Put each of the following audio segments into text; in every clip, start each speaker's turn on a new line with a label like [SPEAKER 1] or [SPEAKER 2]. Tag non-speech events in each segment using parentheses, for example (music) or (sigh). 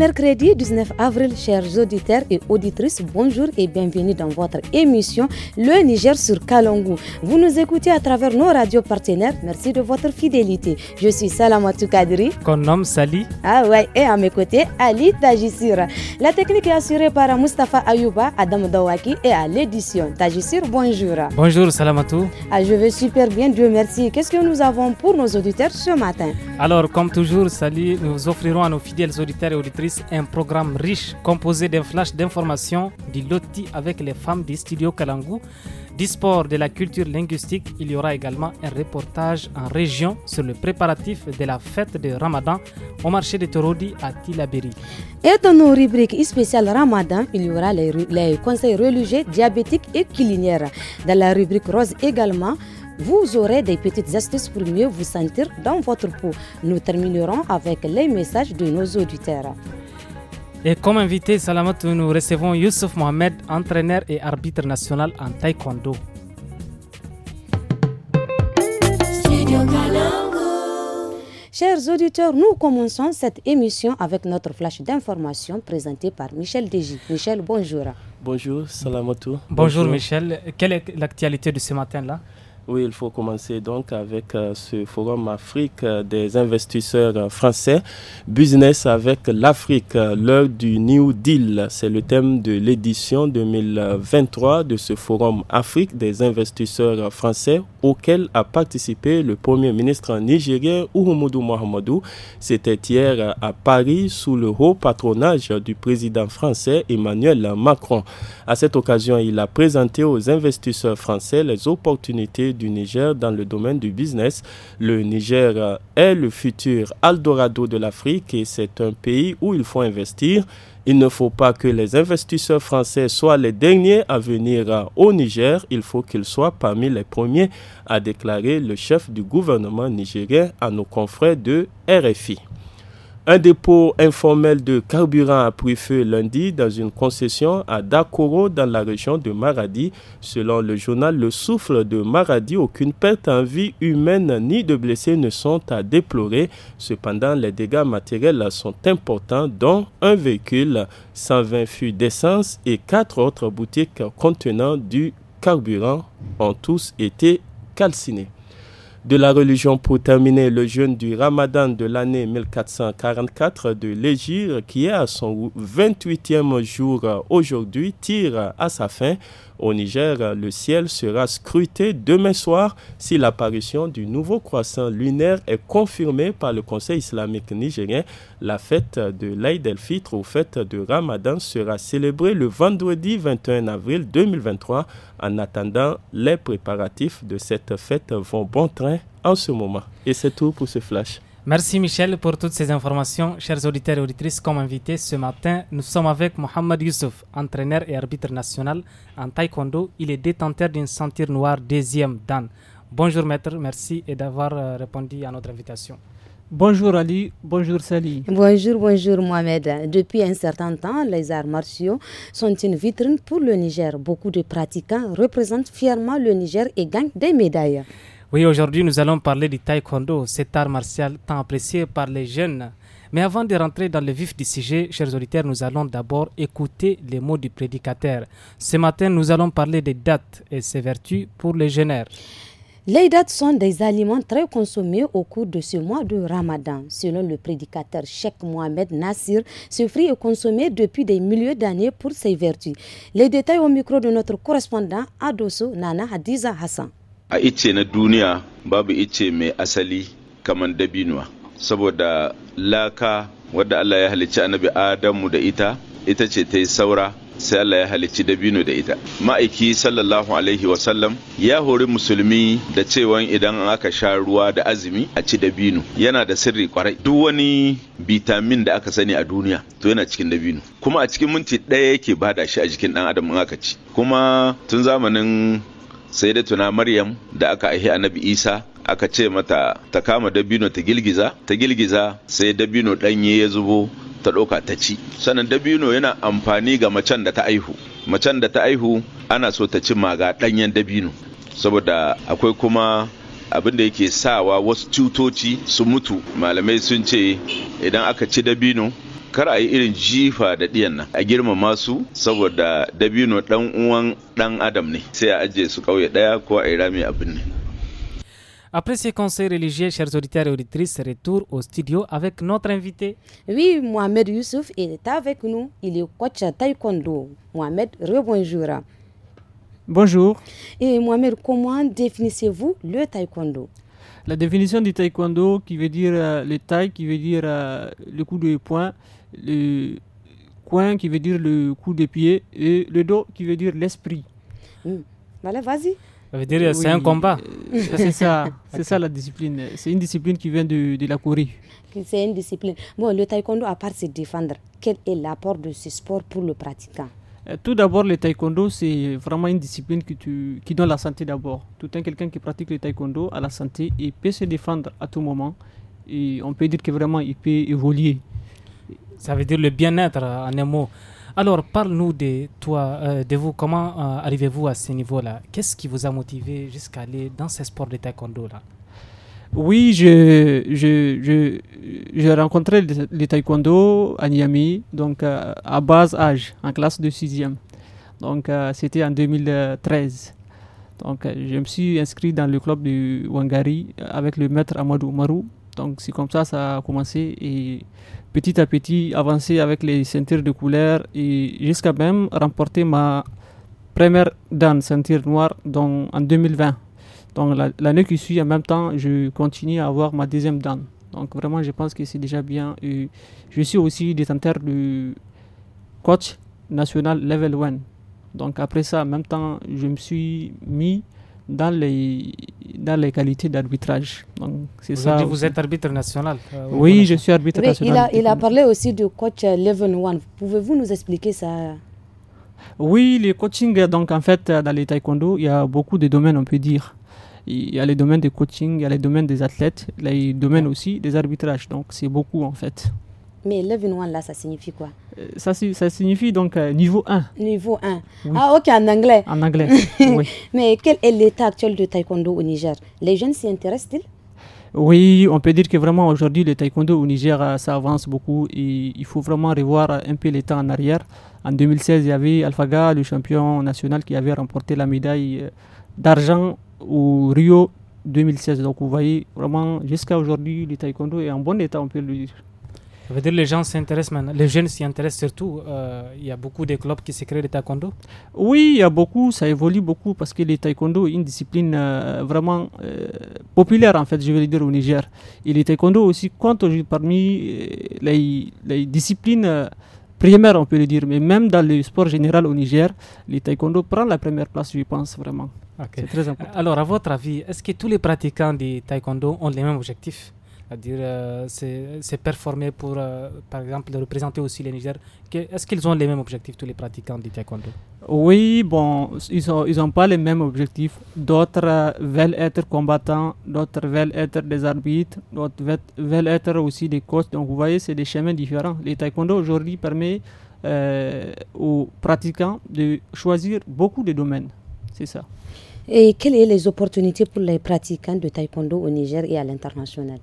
[SPEAKER 1] Mercredi 19 avril, chers auditeurs et auditrices, bonjour et bienvenue dans votre émission Le Niger sur Kalongo. Vous nous écoutez à travers nos radios partenaires. Merci de votre fidélité. Je suis Salamatou Kadri.
[SPEAKER 2] Qu'on nomme Sali.
[SPEAKER 1] Ah ouais, et à mes côtés, Ali Tajissir. La technique est assurée par Mustafa Ayouba, Adam Dawaki et à l'édition. Tajissir, bonjour.
[SPEAKER 2] Bonjour Salamatou.
[SPEAKER 1] Ah, je vais super bien, Dieu merci. Qu'est-ce que nous avons pour nos auditeurs ce matin
[SPEAKER 2] Alors, comme toujours, Sali, nous offrirons à nos fidèles auditeurs et auditrices un programme riche composé d'un flash d'informations, du loti avec les femmes du studio Kalangu, du sport, de la culture linguistique. Il y aura également un reportage en région sur le préparatif de la fête de Ramadan au marché de Torodi à Tilaberi.
[SPEAKER 1] Et dans nos rubriques spéciales Ramadan, il y aura les, les conseils religieux, diabétiques et culinaires. Dans la rubrique rose également, vous aurez des petites astuces pour mieux vous sentir dans votre peau. Nous terminerons avec les messages de nos auditeurs.
[SPEAKER 2] Et comme invité, nous recevons Youssef Mohamed, entraîneur et arbitre national en
[SPEAKER 1] taekwondo. Chers auditeurs, nous commençons cette émission avec notre flash d'information présenté par Michel Deji. Michel, bonjour.
[SPEAKER 3] Bonjour, Salamatou. bonjour. Michel.
[SPEAKER 2] Quelle est l'actualité de ce matin-là
[SPEAKER 3] oui, il faut commencer donc avec euh, ce forum Afrique des investisseurs français, Business avec l'Afrique, l'heure du New Deal. C'est le thème de l'édition 2023 de ce forum Afrique des investisseurs français auquel a participé le Premier ministre nigérien Oumoudou Mohamedou. C'était hier à Paris sous le haut patronage du président français Emmanuel Macron. À cette occasion, il a présenté aux investisseurs français les opportunités du Niger dans le domaine du business. Le Niger euh, est le futur Aldorado de l'Afrique et c'est un pays où il faut investir. Il ne faut pas que les investisseurs français soient les derniers à venir euh, au Niger, il faut qu'ils soient parmi les premiers, à déclarer le chef du gouvernement nigérien à nos confrères de RFI. Un dépôt informel de carburant a pris feu lundi dans une concession à Dakoro dans la région de Maradi. Selon le journal Le Souffle de Maradi, aucune perte en vie humaine ni de blessés ne sont à déplorer. Cependant, les dégâts matériels sont importants, dont un véhicule, 120 fûts d'essence et quatre autres boutiques contenant du carburant ont tous été calcinés de la religion pour terminer le jeûne du Ramadan de l'année 1444 de l'Égir qui est à son 28e jour aujourd'hui tire à sa fin au Niger, le ciel sera scruté demain soir si l'apparition du nouveau croissant lunaire est confirmée par le Conseil islamique nigérien. La fête de l'Aïd el-Fitr ou fête de Ramadan sera célébrée le vendredi 21 avril 2023. En attendant, les préparatifs de cette fête vont bon train en ce moment. Et c'est tout pour ce flash.
[SPEAKER 2] Merci Michel pour toutes ces informations. Chers auditeurs et auditrices, comme invités ce matin, nous sommes avec Mohamed Youssouf, entraîneur et arbitre national en taekwondo. Il est détenteur d'une ceinture noire deuxième dan. Bonjour maître, merci d'avoir euh, répondu à notre
[SPEAKER 4] invitation. Bonjour Ali, bonjour Sali.
[SPEAKER 1] Bonjour, bonjour Mohamed. Depuis un certain temps, les arts martiaux sont une vitrine pour le Niger. Beaucoup de pratiquants représentent fièrement le Niger et gagnent des médailles.
[SPEAKER 2] Oui, aujourd'hui nous allons parler du taekwondo, cet art martial tant apprécié par les jeunes. Mais avant de rentrer dans le vif du sujet, chers auditeurs, nous allons d'abord écouter les mots du prédicateur. Ce matin, nous allons parler des dates et ses vertus pour les jeunes.
[SPEAKER 1] Les dates sont des aliments très consommés au cours de ce mois de Ramadan. Selon le prédicateur Sheikh Mohamed Nassir, ce fruit est consommé depuis des milliers d'années pour ses vertus. Les détails au micro de notre correspondant Adosso Nana Hadiza Hassan.
[SPEAKER 5] a ice na duniya babu ice mai asali kamar dabinuwa saboda laka wadda Allah ya halicci annabi Adamu da ita ita ce ta yi saura sai Allah ya halicci dabino da ita ma'aiki sallallahu alaihi wasallam ya hori musulmi da cewan idan aka sha ruwa da azumi a ci dabino yana da sirri kwarai duk wani bitamin da aka sani a duniya to yana cikin dabino kuma a cikin minti ɗaya yake bada shi a jikin ɗan adam in aka ci kuma tun zamanin sai da tuna maryam da aka a annabi isa aka ce mata ta kama dabino ta gilgiza ta gilgiza sai dabino ɗanye ya zubo ta ɗauka ta ci sannan dabino yana amfani ga macen da ta aihu macen da ta aihu ana so ta ci maga ɗanyen dabino saboda akwai kuma abin da yake sawa wasu cutoci su mutu malamai sun ce idan aka ci dabino Après
[SPEAKER 2] ces conseils religieux, chers auditeurs et auditrices, retour au studio avec notre invité.
[SPEAKER 1] Oui, Mohamed Youssouf est avec nous. Il est coach à taekwondo. Mohamed, rebonjour. Bonjour. Et Mohamed, comment définissez-vous le taekwondo
[SPEAKER 4] La définition du taekwondo, qui veut dire euh, le taille, qui veut dire euh, le coup de poing, le coin qui veut dire le coup de pied et le dos qui veut dire l'esprit. Hmm.
[SPEAKER 1] Voilà, vas-y. Ça
[SPEAKER 4] veut dire c'est un combat. Euh, c'est ça, c'est ça la discipline. C'est une discipline qui vient de, de la Corée.
[SPEAKER 1] C'est une discipline. Bon, le taekwondo, à part se défendre, quel est l'apport de ce sport pour le pratiquant
[SPEAKER 4] euh, tout d'abord, le taekwondo, c'est vraiment une discipline qui, tu, qui donne la santé d'abord. Tout un quelqu'un qui pratique le taekwondo a la santé et peut se défendre à tout moment. Et on peut dire que vraiment, il peut évoluer ça veut dire le bien-être en
[SPEAKER 2] un mot. Alors, parle-nous de toi, euh, de vous. Comment euh, arrivez-vous à ce niveau-là Qu'est-ce qui vous a motivé jusqu'à aller dans ce sport de taekwondo-là
[SPEAKER 4] Oui, je, je, je, j'ai rencontré le, taekwondo à Niamey, donc euh, à bas âge, en classe de 6e. Donc, c'était en 2013. Donc, je me suis inscrit dans le club du Wangari avec le maître Amadou Marou. Donc, c'est comme ça ça a commencé et petit à petit avancer avec les ceintures de couleur et jusqu'à même remporter ma première dan ceinture noire dans, en 2020. Donc l'année qui suit, en même temps, je continue à avoir ma deuxième dan. Donc vraiment, je pense que c'est déjà bien. je suis aussi détenteur du coach national level 1. Donc après ça, en même temps, je me suis mis dans les, dans les qualités d'arbitrage. Vous, ça. vous êtes arbitre national. oui, je suis arbitre national. Il a,
[SPEAKER 1] il a, parlé aussi du coach Leven One. Pouvez-vous nous expliquer ça
[SPEAKER 4] Oui, le coaching, donc en fait, dans les taekwondo, il y a beaucoup de domaines, on peut dire. Il y a les domaines de coaching, il y a les domaines des athlètes, les domaines aussi des arbitrages. Donc c'est beaucoup en fait.
[SPEAKER 1] Mais level 1 là, ça signifie quoi
[SPEAKER 4] euh, ça, ça signifie donc euh, niveau 1.
[SPEAKER 1] Niveau 1. Ah ok, en anglais.
[SPEAKER 4] En anglais, (laughs)
[SPEAKER 1] Mais quel est l'état actuel du taekwondo au Niger Les jeunes s'y intéressent-ils
[SPEAKER 4] oui, on peut dire que vraiment aujourd'hui le taekwondo au Niger euh, ça avance beaucoup et il faut vraiment revoir un peu les temps en arrière. En 2016, il y avait Alphaga, le champion national qui avait remporté la médaille d'argent au Rio 2016. Donc vous voyez vraiment jusqu'à aujourd'hui le taekwondo est en bon état, on peut le dire.
[SPEAKER 2] Ça veut dire les gens s'intéressent maintenant. Les jeunes s'y intéressent surtout.
[SPEAKER 4] Euh, il y a beaucoup de clubs qui se créent de taekwondo. Oui, il y a beaucoup. Ça évolue beaucoup parce que le taekwondo est une discipline euh, vraiment euh, populaire, en fait, je vais le dire, au Niger. Et le taekwondo aussi compte parmi les, disciplines primaires, on peut le dire, mais même dans le sport général au Niger, le taekwondo prend la première place, je pense vraiment.
[SPEAKER 2] C'est très important. Alors, à votre avis, est-ce que tous les pratiquants du taekwondo ont les mêmes objectifs c'est-à-dire, euh, c'est performer pour, euh, par exemple, représenter aussi les Niger. Est-ce qu'ils ont les mêmes objectifs, tous les pratiquants du taekwondo
[SPEAKER 4] Oui, bon, ils n'ont ils ont pas les mêmes objectifs. D'autres euh, veulent être combattants, d'autres veulent être des arbitres, d'autres veulent être aussi des coachs. Donc, vous voyez, c'est des chemins différents. Le taekwondo aujourd'hui permet aux pratiquants de choisir beaucoup de domaines. C'est ça.
[SPEAKER 1] Et quelles sont les opportunités pour les pratiquants de taekwondo au Niger et à l'international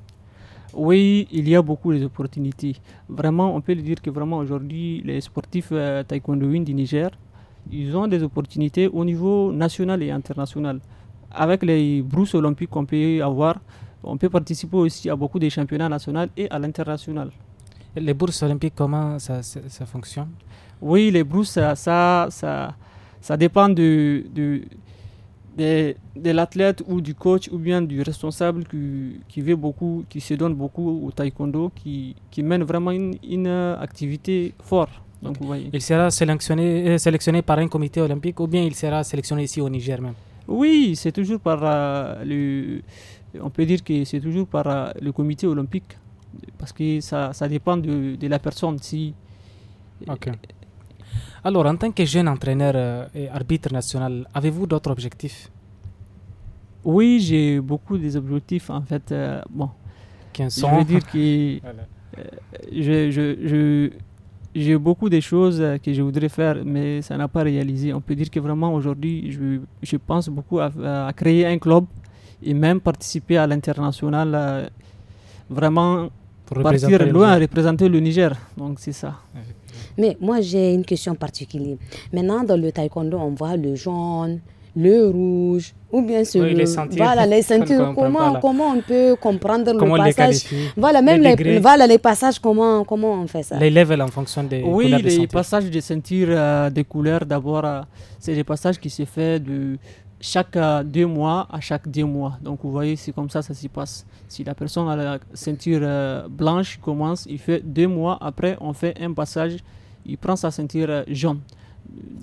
[SPEAKER 4] oui, il y a beaucoup d'opportunités. Vraiment, on peut le dire que vraiment aujourd'hui, les sportifs euh, du Niger, ils ont des opportunités au niveau national et international. Avec les brousses olympiques qu'on peut avoir, on peut participer aussi à beaucoup de championnats nationaux et à l'international. Les bourses olympiques, comment ça, fonctionne Oui, les bourses, ça, ça, ça, dépend de, de de, l'athlète ou du coach ou bien du responsable qui, qui veut beaucoup, qui se donne beaucoup au taekwondo, qui, qui mène vraiment une, une activité forte. Donc,
[SPEAKER 2] Il sera sélectionné, euh, sélectionné par un comité olympique ou bien il sera sélectionné ici au Niger même
[SPEAKER 4] Oui, c'est toujours par euh, le. On peut dire que c'est toujours par euh, le comité olympique parce que ça, ça dépend de, de la personne. Si.
[SPEAKER 2] Alors, en tant que jeune entraîneur euh, et arbitre national, avez-vous d'autres
[SPEAKER 4] objectifs Oui, j'ai beaucoup des en fait. Euh, bon, je veux dire que (laughs) euh, j'ai beaucoup de choses que je voudrais faire, mais ça n'a pas réalisé. On peut dire que vraiment aujourd'hui, je, pense beaucoup à, créer un club et même participer à l'international. vraiment pour partir loin, représenter le Niger. Donc c'est ça.
[SPEAKER 1] Mais moi, j'ai une question particulière. Maintenant, dans le taekwondo, on voit le jaune, le rouge, ou bien ce oui, les ceintures. Voilà, les ceintures. comment, comment on peut comprendre le
[SPEAKER 2] passage Voilà,
[SPEAKER 1] même les, passages, comment, comment on fait ça Les levels
[SPEAKER 2] en fonction des. Oui, les
[SPEAKER 4] passages des ceintures, euh, des couleurs, d'abord, euh, c'est des passages qui se font de chaque euh, deux mois à chaque deux mois. Donc vous voyez, c'est comme ça, ça s'y passe. Si la personne a la ceinture blanche commence, il fait deux mois. Après, on fait un passage il prend sa ceinture euh, jaune.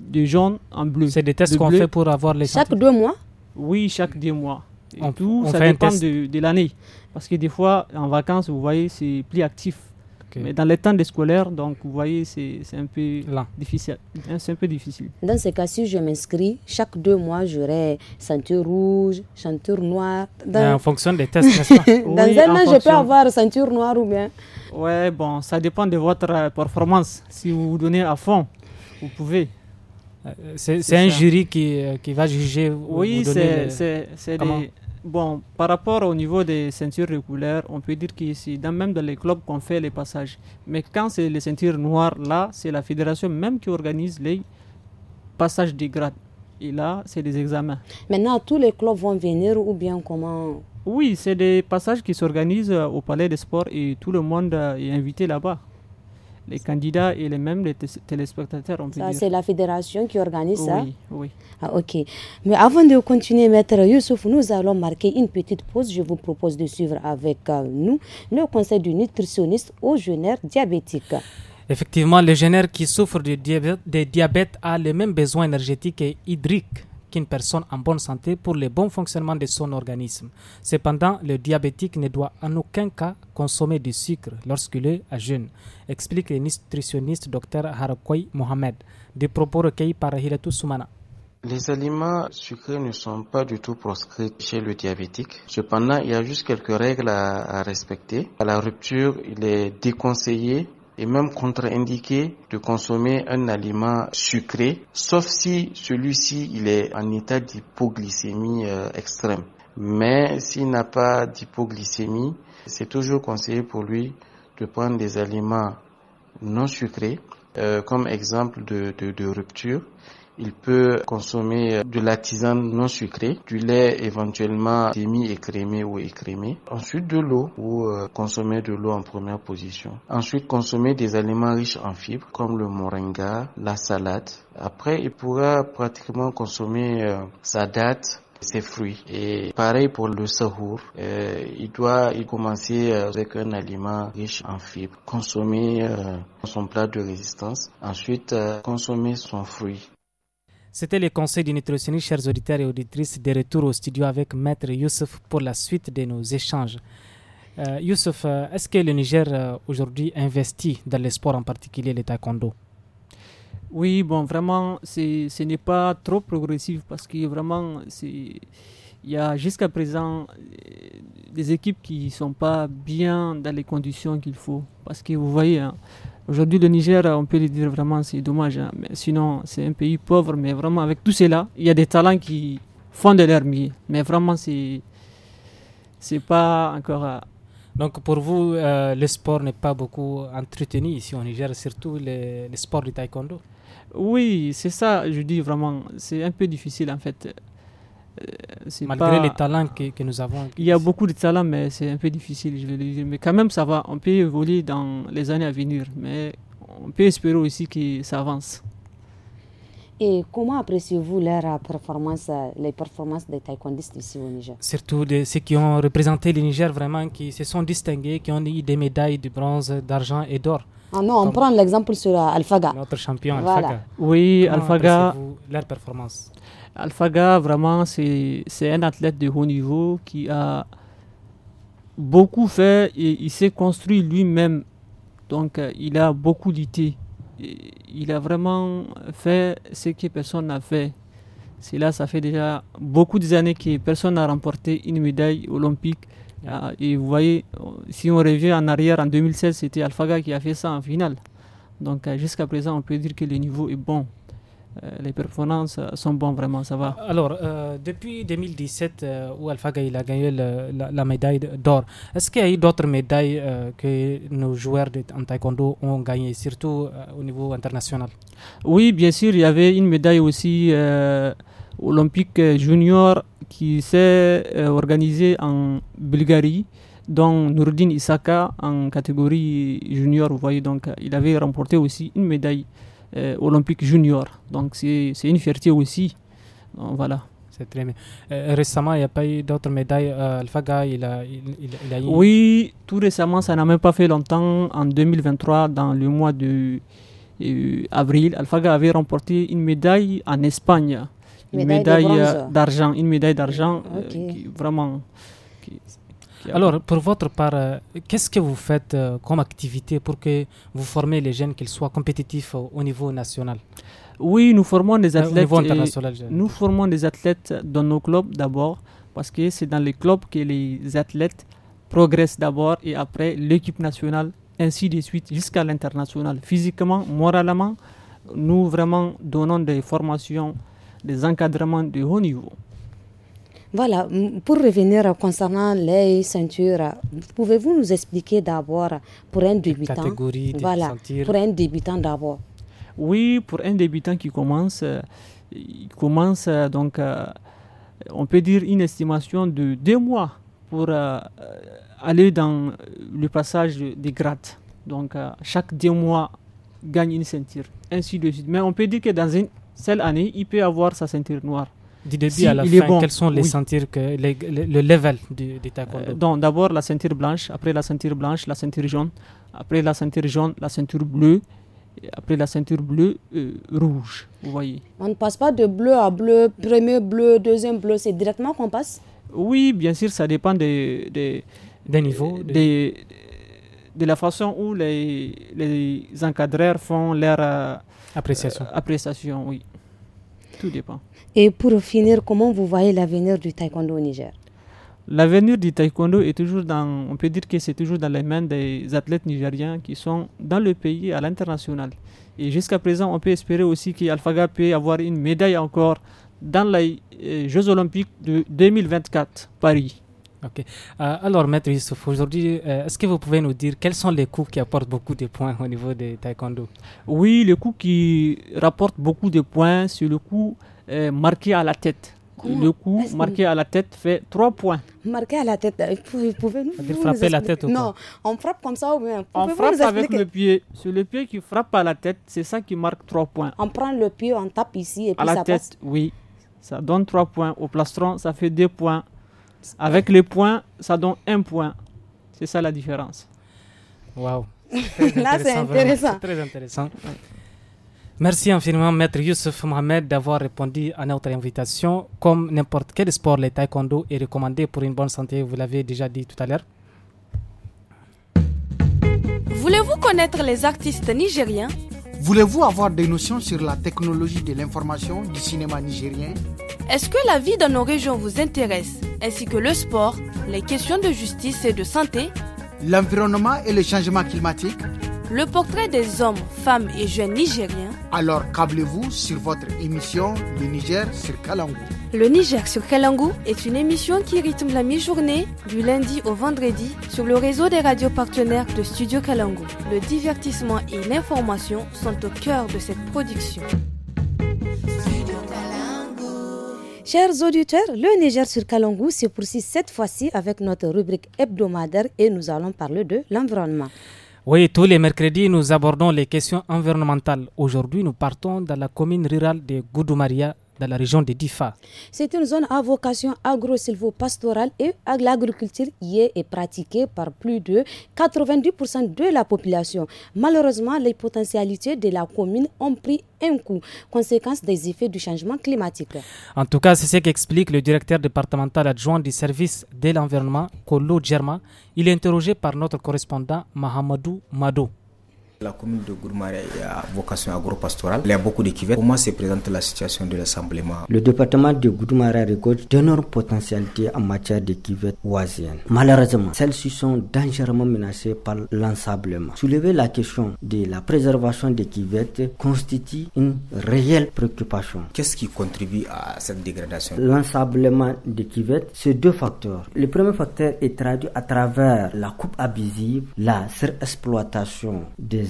[SPEAKER 4] De jaune en bleu. C'est des tests qu'on fait pour avoir les Chaque deux mois Oui, chaque deux mois. en tout, on ça dépend de, l'année. Parce que des fois, en vacances, vous voyez, c'est plus actif. Mais dans les temps des scolaires, donc vous voyez, c'est un peu Là. difficile. Hein, c'est un peu difficile.
[SPEAKER 1] Dans ce cas, ci je m'inscris, chaque deux mois, j'aurai ceinture rouge, ceinture noire. En fonction des tests, n'est-ce pas (laughs)
[SPEAKER 2] Dans
[SPEAKER 4] un an, je peux avoir
[SPEAKER 1] ceinture noire ou bien.
[SPEAKER 4] Oui, bon, ça dépend de votre euh, performance. Si vous vous donnez à fond, vous pouvez. Euh, c'est un jury euh, qui, va juger. Oui, c'est Bon, par rapport au niveau des ceintures de couleur, on peut dire qu'ici, dans, même dans les clubs, qu'on fait les passages. Mais quand c'est les ceintures noires, là, c'est la fédération même qui organise les passages des grades. Et là, c'est des examens.
[SPEAKER 1] Maintenant, tous les clubs vont venir ou bien comment
[SPEAKER 4] oui, c'est des passages qui s'organisent au Palais des Sports et tout le monde est invité là-bas. Les candidats et les mêmes les téléspectateurs, ont ça, C'est
[SPEAKER 1] la fédération qui organise ça Oui, oui. Ah, ok. Mais avant de continuer, Maître Youssouf, nous allons marquer une petite pause. Je vous propose de suivre avec euh, nous le conseil du nutritionniste aux jeunes diabétiques.
[SPEAKER 2] Effectivement, les jeunes qui souffrent de diabète, de diabète a les mêmes besoins énergétiques et hydriques une personne en bonne santé pour le bon fonctionnement de son organisme. Cependant, le diabétique ne doit en aucun cas consommer du sucre lorsqu'il est à jeûne, explique le nutritionniste Dr Harakoui Mohamed, des propos recueillis par Hiratou Soumana.
[SPEAKER 6] Les aliments sucrés ne sont pas du tout proscrits chez le diabétique. Cependant, il y a juste quelques règles à, à respecter. À la rupture, il est déconseillé et même contre-indiqué de consommer un aliment sucré, sauf si celui-ci il est en état d'hypoglycémie euh, extrême. Mais s'il n'a pas d'hypoglycémie, c'est toujours conseillé pour lui de prendre des aliments non sucrés, euh, comme exemple de rupture, il peut consommer euh, de la tisane non sucrée, du lait éventuellement demi écrémé ou écrémé. Ensuite de l'eau ou euh, consommer de l'eau en première position. Ensuite consommer des aliments riches en fibres comme le moringa, la salade. Après, il pourra pratiquement consommer euh, sa date, ses fruits. Et pareil pour le sahour, il doit y commencer avec un aliment riche en fibres, consommer son plat de résistance, ensuite consommer son fruit
[SPEAKER 2] c'était les conseils du nutritionniste, chers auditeurs et auditrices, de retour au studio avec Maître Youssef pour la suite de nos échanges. Euh, Youssef, euh, est-ce que le Niger euh, aujourd'hui investit dans les sports, en particulier les taekwondo
[SPEAKER 4] Oui, bon, vraiment, ce n'est pas trop progressif parce que vraiment, c'est il y a jusqu'à présent des équipes qui ne sont pas bien dans les conditions qu'il faut. Parce que vous voyez, hein, Aujourd'hui, le Niger, on peut le dire vraiment, c'est dommage. Hein. Mais sinon, c'est un pays pauvre, mais vraiment, avec tout cela, il y a des talents qui font de leur Mais vraiment, c'est, c'est pas encore. Euh, Donc,
[SPEAKER 2] pour vous, euh, le sport n'est pas beaucoup entretenu ici au Niger, surtout le, sport du
[SPEAKER 4] taekwondo Oui, c'est ça, je dis vraiment. C'est un peu difficile, en fait. Euh, Malgré les talents que, nous avons. Il y a beaucoup de talents, mais c'est un peu difficile, je vais le dire. Mais quand même, ça va. On peut évoluer dans les années à venir. Mais on peut espérer aussi que ça avance.
[SPEAKER 1] Et comment appréciez-vous leur performance, les performances des taekwondistes ici au Niger
[SPEAKER 2] Surtout de ceux qui ont représenté le Niger vraiment, qui se sont distingués, qui ont eu des médailles de bronze, d'argent et d'or. Ah non, on prend
[SPEAKER 1] l'exemple sur Alphaga. Notre
[SPEAKER 4] champion Alphaga. Oui, Alphaga. Leur performance AlphaGa, vraiment, c'est un athlète de haut niveau qui a beaucoup fait et il s'est construit lui-même. Donc, euh, il a beaucoup d'idées. Il a vraiment fait ce que personne n'a fait. Cela, ça fait déjà beaucoup d'années que personne n'a remporté une médaille olympique. Euh, et vous voyez, euh, si on revient en arrière, en 2016, c'était AlphaGa qui a fait ça en finale. Donc, jusqu'à présent, on peut dire que le niveau est bon. Euh, les performances euh, sont bonnes vraiment, ça va. Alors, euh,
[SPEAKER 2] depuis 2017, où Alpha il a gagné la, médaille d'or, est-ce qu'il y a eu d'autres médailles que nos joueurs de, en taekwondo ont gagné, surtout au niveau international
[SPEAKER 4] Oui, bien sûr, il y avait une médaille aussi olympique junior qui s'est organisée en Bulgarie dont Nourdine Isaka en catégorie junior, vous voyez, donc il avait remporté aussi une médaille euh, olympique junior. Donc c'est une fierté aussi. voilà. C'est très bien. Euh, récemment, il n'y a pas eu d'autres médailles. Euh, il a, il, a eu... Oui, tout récemment, ça n'a même pas fait longtemps. En 2023, dans le mois de euh, avril, Alphaga avait remporté une médaille en Espagne. Une médaille d'argent. Une médaille d'argent vraiment... Qui, alors,
[SPEAKER 2] pour votre part, euh, qu'est-ce que vous faites euh, comme activité pour que vous formez les jeunes qu'ils soient compétitifs au niveau national Oui, nous formons des euh, athlètes.
[SPEAKER 4] nous formons des athlètes dans nos clubs d'abord, parce que c'est dans les clubs que les athlètes progressent d'abord et après l'équipe nationale, ainsi de suite, jusqu'à l'international. Physiquement, moralement, nous vraiment donnons des formations, des encadrements de haut niveau.
[SPEAKER 1] Voilà, pour revenir concernant les ceintures, pouvez-vous nous expliquer d'abord pour un débutant pour un débutant d'abord.
[SPEAKER 4] Oui, pour un débutant qui commence, il commence donc, euh, on peut dire une estimation de deux mois pour euh, aller dans le passage des grades. Donc, euh, chaque deux mois, gagne une ceinture, ainsi de suite. Mais on peut dire que dans une seule année, il peut avoir sa ceinture noire du début à la fin, quels sont les que, le level du, du euh, donc, D'abord la ceinture blanche, après la ceinture blanche, la ceinture jaune, après la ceinture jaune, la ceinture bleue, après la ceinture bleue, euh, rouge, vous voyez.
[SPEAKER 1] On ne passe pas de bleu à bleu, premier bleu, deuxième bleu, c'est
[SPEAKER 4] directement qu'on passe Oui, bien sûr, ça dépend des, des, niveaux. Des, de la façon où les, les encadreurs font leur euh, appréciation. appréciation, oui. Tout dépend.
[SPEAKER 1] Et pour finir, comment vous voyez l'avenir du taekwondo au Niger
[SPEAKER 4] L'avenir du taekwondo est toujours dans, on peut dire que c'est toujours dans les mains des athlètes nigériens qui sont dans le pays à l'international. Et jusqu'à présent, on peut espérer aussi qu'Alphaga peut avoir une médaille encore dans les euh, Jeux Olympiques de 2024, Paris. Ok. Euh, alors, Maître Youssouf, aujourd'hui, euh, est-ce
[SPEAKER 2] que vous pouvez nous dire quels sont les coups qui apportent beaucoup de points au niveau du taekwondo Oui, les coup
[SPEAKER 4] qui rapportent beaucoup de points, c'est le coup euh, marqué à la tête. le coup marqué à la tête fait 3 points.
[SPEAKER 1] Marqué à la tête, euh, vous pouvez nous, vous frapper la tête ou Non, on frappe comme ça ou bien On frappe avec le
[SPEAKER 4] pied. C'est le pied qui frappe à la tête, c'est ça qui marque 3 points. On prend le pied, on tape ici et à puis la tête, oui. Ça donne 3 points. Au plastron, ça fait 2 points. Avec les points, ça donne 1 point. C'est ça la différence.
[SPEAKER 2] Waouh. (laughs) Là, c'est intéressant. Très intéressant. Merci infiniment, Maître Youssef Mohamed, d'avoir répondu à notre invitation. Comme n'importe quel sport, le taekwondo est recommandé pour une bonne santé, vous l'avez déjà dit tout à l'heure.
[SPEAKER 7] Voulez-vous connaître les artistes nigériens
[SPEAKER 8] Voulez-vous avoir des notions sur la technologie de l'information du cinéma nigérien
[SPEAKER 7] Est-ce que la vie dans nos régions vous intéresse, ainsi que le sport, les questions de justice et de santé
[SPEAKER 8] L'environnement et le changement climatique
[SPEAKER 7] Le portrait des hommes, femmes et jeunes nigériens
[SPEAKER 8] alors câblez-vous sur votre émission Le Niger sur Kalangou. Le Niger sur
[SPEAKER 7] Kalangou est une émission qui rythme la mi-journée du lundi au vendredi sur le réseau des radios partenaires de Studio Kalangou. Le divertissement et l'information sont au cœur de cette production.
[SPEAKER 1] Chers auditeurs, le Niger sur Kalangou se poursuit cette fois-ci avec notre rubrique hebdomadaire et nous allons parler de l'environnement.
[SPEAKER 2] Oui, tous les mercredis, nous abordons les questions environnementales. Aujourd'hui, nous partons dans la commune rurale de Goudoumaria, dans la région de Difa.
[SPEAKER 1] C'est une zone à vocation agro pastorale et l'agriculture y est, pratiquée par plus de 90% de la population. Malheureusement, les potentialités de la commune ont pris un coup, conséquence des effets du changement climatique.
[SPEAKER 2] En tout cas, c'est ce qu'explique le directeur départemental adjoint du service de l'environnement, Collo Djerma. Il est interrogé par notre correspondant Mahamadou Mado.
[SPEAKER 9] La commune de Gourmare a vocation agro-pastorale. Il y a beaucoup de Comment se présente la situation de l'assemblement Le département de Gourmare regorge d'énormes potentialités en matière de cuvettes oisiennes. Malheureusement, celles-ci sont dangereusement menacées par l'ensablement. Soulever la question de la préservation des quivettes constitue une réelle préoccupation. Qu'est-ce qui contribue à cette dégradation L'ensablement des c'est deux facteurs. Le premier facteur est traduit à travers la coupe abusive, la surexploitation des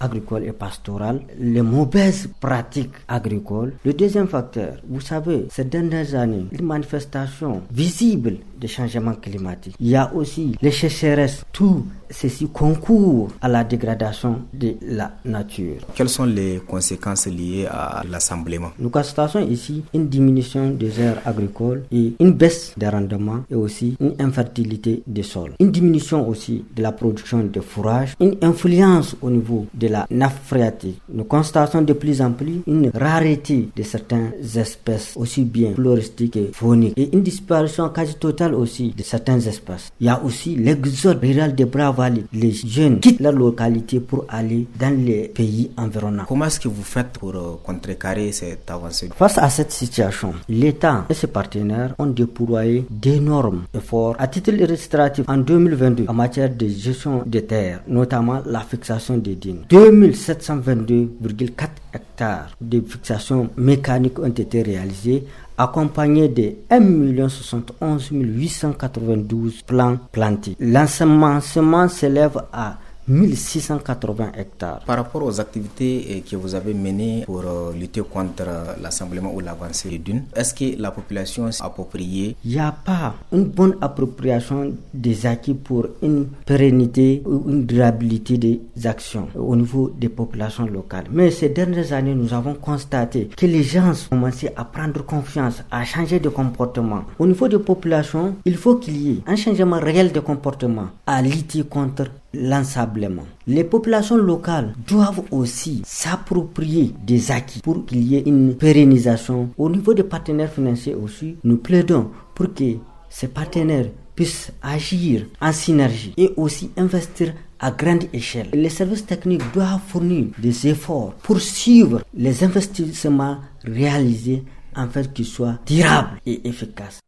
[SPEAKER 9] agricoles et pastorales, les mauvaises pratiques agricoles. Le deuxième facteur, vous savez, ces dernières années, les manifestations visibles des changements climatiques. Il y a aussi les sécheresses, tout ceci concourt à la dégradation de la nature. Quelles sont les conséquences liées à l'assemblement Nous constatons ici une diminution des aires agricoles et une baisse des rendements et aussi une infertilité des sols. Une diminution aussi de la production de fourrage, une influence au niveau de la nappe phréatique. Nous constatons de plus en plus une rareté de certaines espèces, aussi bien floristiques et fauniques, et une disparition quasi totale aussi de certaines espèces. Il y a aussi l'exode rural des braves les jeunes quittent la localité pour aller dans les pays environnants. Comment est-ce que vous faites pour euh, contrecarrer cette avancée Face à cette situation, l'État et ses partenaires ont déployé d'énormes efforts à titre illustratif en 2022 en matière de gestion des terres, notamment la fixation des dînes. 2722,4 hectares de fixation mécanique ont été réalisés accompagné de 1 892 plants plantés. L'ensemencement s'élève à 1680 hectares. Par rapport aux activités eh, que vous avez menées pour euh, lutter contre euh, l'assemblement ou l'avancée des dunes, est-ce que la population s'est appropriée Il n'y a pas une bonne appropriation des acquis pour une pérennité ou une durabilité des actions au niveau des populations locales. Mais ces dernières années, nous avons constaté que les gens ont commencé à prendre confiance, à changer de comportement. Au niveau des populations, il faut qu'il y ait un changement réel de comportement à lutter contre l'ensablement. Les populations locales doivent aussi s'approprier des acquis pour qu'il y ait une pérennisation. Au niveau des partenaires financiers aussi, nous plaidons pour que ces partenaires puissent agir en synergie et aussi investir à grande échelle. Les services techniques doivent fournir des efforts pour suivre les investissements réalisés en afin qu'ils soient durables et efficaces.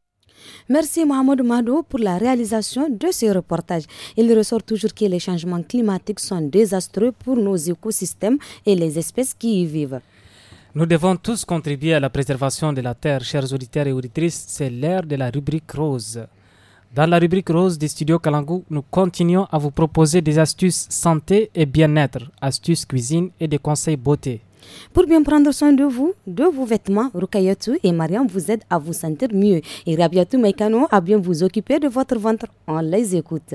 [SPEAKER 1] Merci Mohamed Mado pour la réalisation de ce reportage. Il ressort toujours que les changements climatiques sont désastreux pour nos écosystèmes et les espèces qui y vivent.
[SPEAKER 2] Nous devons tous contribuer à la préservation de la Terre, chers auditeurs et auditrices. C'est l'ère de la rubrique rose. Dans la rubrique rose des studios Kalangou, nous continuons à vous proposer des astuces santé et bien-être, astuces cuisine et des conseils beauté.
[SPEAKER 1] Pour bien prendre soin de vous, de vos vêtements, Rukayatou et Mariam vous aident à vous sentir mieux. Et Rabiatou Mekano à bien vous occuper de votre ventre. On les écoute.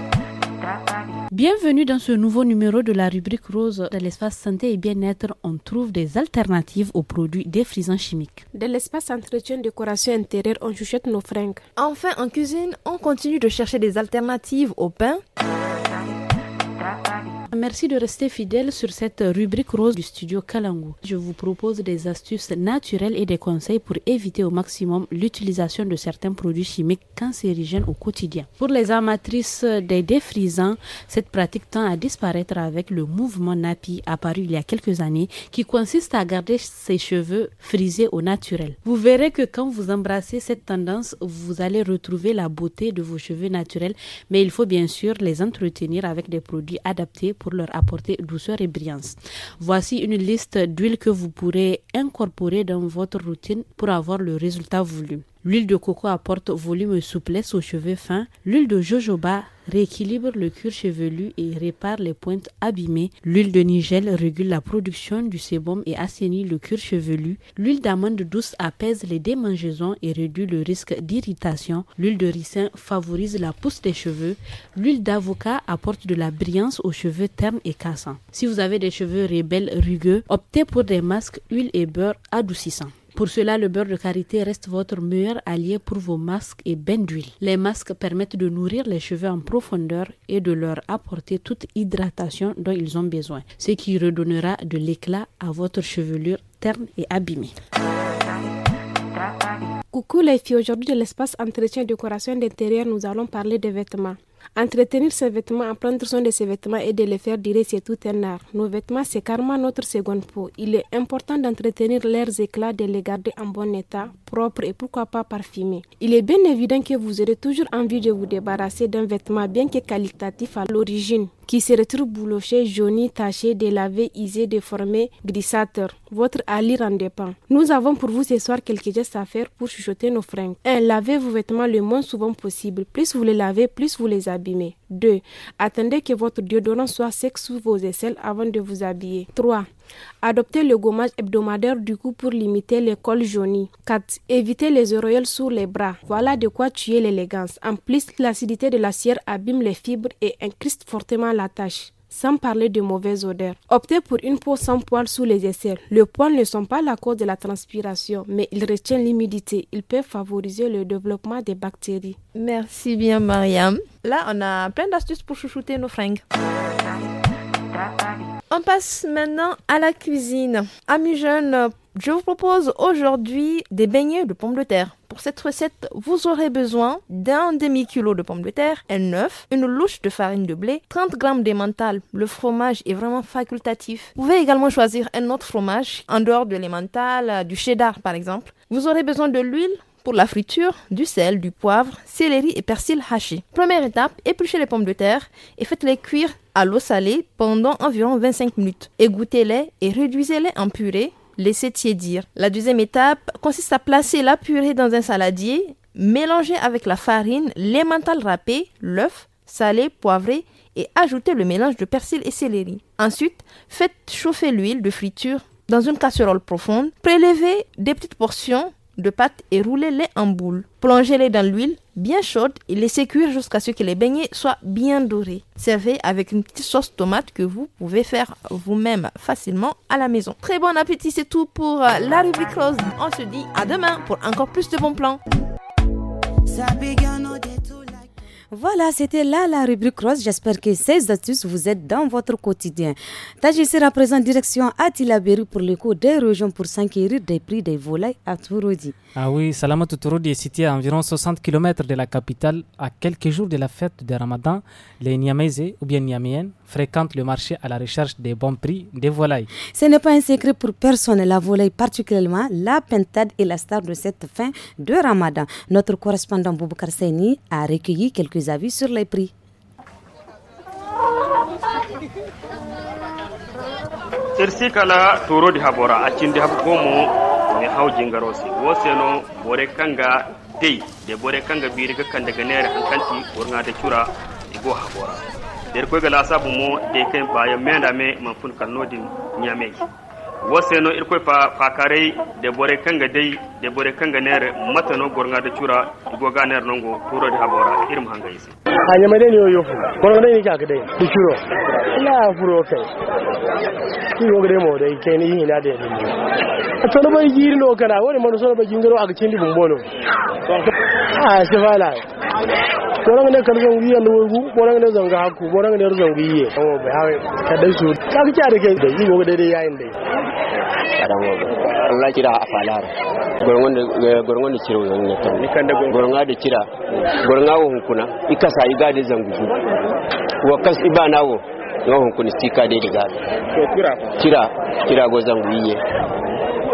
[SPEAKER 10] Bienvenue dans ce nouveau numéro
[SPEAKER 11] de la rubrique rose de l'espace santé et bien-être. On trouve des alternatives aux produits défrisants chimiques.
[SPEAKER 12] De l'espace entretien décoration intérieure, on chuchote nos fringues. Enfin, en cuisine, on continue de chercher des alternatives au pain. Merci
[SPEAKER 11] de rester fidèle sur cette rubrique rose du studio Kalangu. Je vous propose des astuces naturelles et des conseils pour éviter au maximum l'utilisation de certains produits chimiques cancérigènes au quotidien. Pour les amatrices des défrisants, cette pratique tend à disparaître avec le mouvement NAPI apparu il y a quelques années qui consiste à garder ses cheveux frisés au naturel. Vous verrez que quand vous embrassez cette tendance, vous allez retrouver la beauté de vos cheveux naturels, mais il faut bien sûr les entretenir avec des produits adaptés pour leur apporter douceur et brillance. Voici une liste d'huiles que vous pourrez incorporer dans votre routine pour avoir le résultat voulu. L'huile de coco apporte volume et souplesse aux cheveux fins. L'huile de jojoba rééquilibre le cuir chevelu et répare les pointes abîmées. L'huile de nigel régule la production du sébum et assainit le cuir chevelu. L'huile d'amande douce apaise les démangeaisons et réduit le risque d'irritation. L'huile de ricin favorise la pousse des cheveux. L'huile d'avocat apporte de la brillance aux cheveux ternes et cassants. Si vous avez des cheveux rebelles rugueux, optez pour des masques, huile et beurre adoucissants. Pour cela, le beurre de karité reste votre meilleur allié pour vos masques et bains d'huile. Les masques permettent de nourrir les cheveux en profondeur et de leur apporter toute hydratation dont ils ont besoin, ce qui redonnera de l'éclat à votre chevelure terne et abîmée.
[SPEAKER 12] Coucou les filles, aujourd'hui de l'espace entretien et décoration d'intérieur, nous allons parler des vêtements. Entretenir ses vêtements, prendre soin de ses vêtements et de les faire dire c'est tout un art. Nos vêtements, c'est carrément notre seconde peau. Il est important d'entretenir leurs éclats, de les garder en bon état, propre et pourquoi pas parfumé. Il est bien évident que vous aurez toujours envie de vous débarrasser d'un vêtement bien que qualitatif à l'origine qui se retrouvent boulochés, jaunis, tachés, délavés, isé, déformés, glissateurs. Votre allure en dépend. Nous avons pour vous ce soir quelques gestes à faire pour chuchoter nos fringues. 1. Lavez vos vêtements le moins souvent possible. Plus vous les lavez, plus vous les abîmez. 2. Attendez que votre déodorant soit sec sous vos aisselles avant de vous habiller. 3. Adoptez le gommage hebdomadaire du cou pour limiter les cols jaunis. 4. Évitez les auréoles sur les bras. Voilà de quoi tuer l'élégance. En plus, l'acidité de la cire abîme les fibres et incriste fortement la tache sans parler de mauvaises odeur. Optez pour une peau sans poils sous les aisselles. Les poils ne sont pas la cause de la transpiration, mais ils retiennent l'humidité. Ils peuvent favoriser le développement des bactéries. Merci
[SPEAKER 10] bien, Mariam. Là, on a plein d'astuces pour chouchouter nos fringues. On passe maintenant à la cuisine. Amis jeunes, je vous propose aujourd'hui des beignets de pommes de terre. Pour cette recette, vous aurez besoin d'un demi-kilo de pommes de terre, un œuf, une louche de farine de blé, 30 g d'émental. Le fromage est vraiment facultatif. Vous pouvez également choisir un autre fromage en dehors de l'émental, euh, du cheddar par exemple. Vous aurez besoin de l'huile, pour la friture, du sel, du poivre, céleri et persil haché. Première étape, épluchez les pommes de terre et faites-les cuire à l'eau salée pendant environ 25 minutes. Égouttez-les et réduisez-les en purée. Laissez tiédir. La deuxième étape consiste à placer la purée dans un saladier, mélanger avec la farine, l'emmental râpé, l'œuf, salé, poivré et ajouter le mélange de persil et céleri. Ensuite, faites chauffer l'huile de friture dans une casserole profonde. Prélevez des petites portions de pâte et roulez-les en boule. Plongez-les dans l'huile bien chaude et laissez cuire jusqu'à ce que les beignets soient bien dorés. Servez avec une petite sauce tomate que vous pouvez faire vous-même facilement à la maison. Très bon appétit, c'est tout pour euh, la rubrique rose. On se dit à demain pour encore plus de bons plans.
[SPEAKER 1] Voilà, c'était là la rubrique rose. J'espère que ces astuces vous aident dans votre quotidien. Taji sera présent direction tilabéry pour le coup des régions pour s'inquiéter des prix des volailles à Touroudi.
[SPEAKER 2] Ah oui, Salama Touroudi est situé à environ 60 km de la capitale. À quelques jours de la fête de Ramadan, les Niamaisés ou bien Niaméennes fréquentent le marché à la
[SPEAKER 1] recherche des bons prix des volailles. Ce n'est pas un secret pour personne, la volaille particulièrement, la pentade est la star de cette fin de Ramadan. Notre correspondant Boubacar Karseni a recueilli quelques vis-à-vis sur les prix.
[SPEAKER 13] a kala turo di habora acindi habgomo mi hawji ngarosi wo seno bore kanga dey de bore kanga biri ga kanda ganere hankanti wornga de cura go habora der ko gala sabu mo de ken baya menda me fun kanodin nyamei waseno irkoy fa fakarai da bore ga dai da bore ga nere matano gornga da cura goga ner nongo turo da habora irin hanga isi hanya mede ni yo fu gornga ne ni ka gade ku curo ina furo kai ki yo gade mo de kai ni hina yi
[SPEAKER 7] ni
[SPEAKER 13] to no bai jiri no kana wani manu so bai jingaro aga cindi bono a ah, borang ne kal zan wiye no gu borang ne zan ga ku borang ne zong wiye o be ha ka dai su ka ki da ke dai go dai dai yayin dai kadan go Allah kira a falar gorgon da gorgon da kira wannan ne tan kan da gorgon da kira gorgon wo hunkuna ikasa iga da zanguju wa kas ibana wo yo hunkuni sika dai da ga kira kira kira go zanguye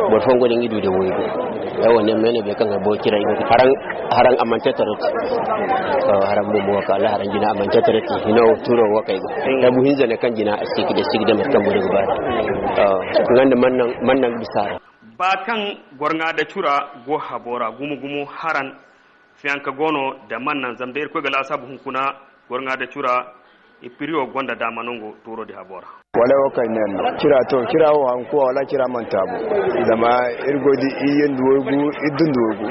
[SPEAKER 13] borfon gudun ido da woyi yawan ne mene bai kan gabo kira ido haran haran amanta tarot haran bumbu waka ala haran gina amanta tarot hina turo waka yi da buhin zane kan gina a sik da sik da matan bude ba nan da mannan mannan bisara ba kan gwarna da cura go habora gumu gumu haran fiyanka gono da mannan zamda irko gala sabu hunkuna gwarna da cura ipiriyo gwanda damanongo turo di habora
[SPEAKER 14] wala wakan yan kira to kira wa an kuwa wala kira man tabu ma irgodi iyen duwogu idun duwogu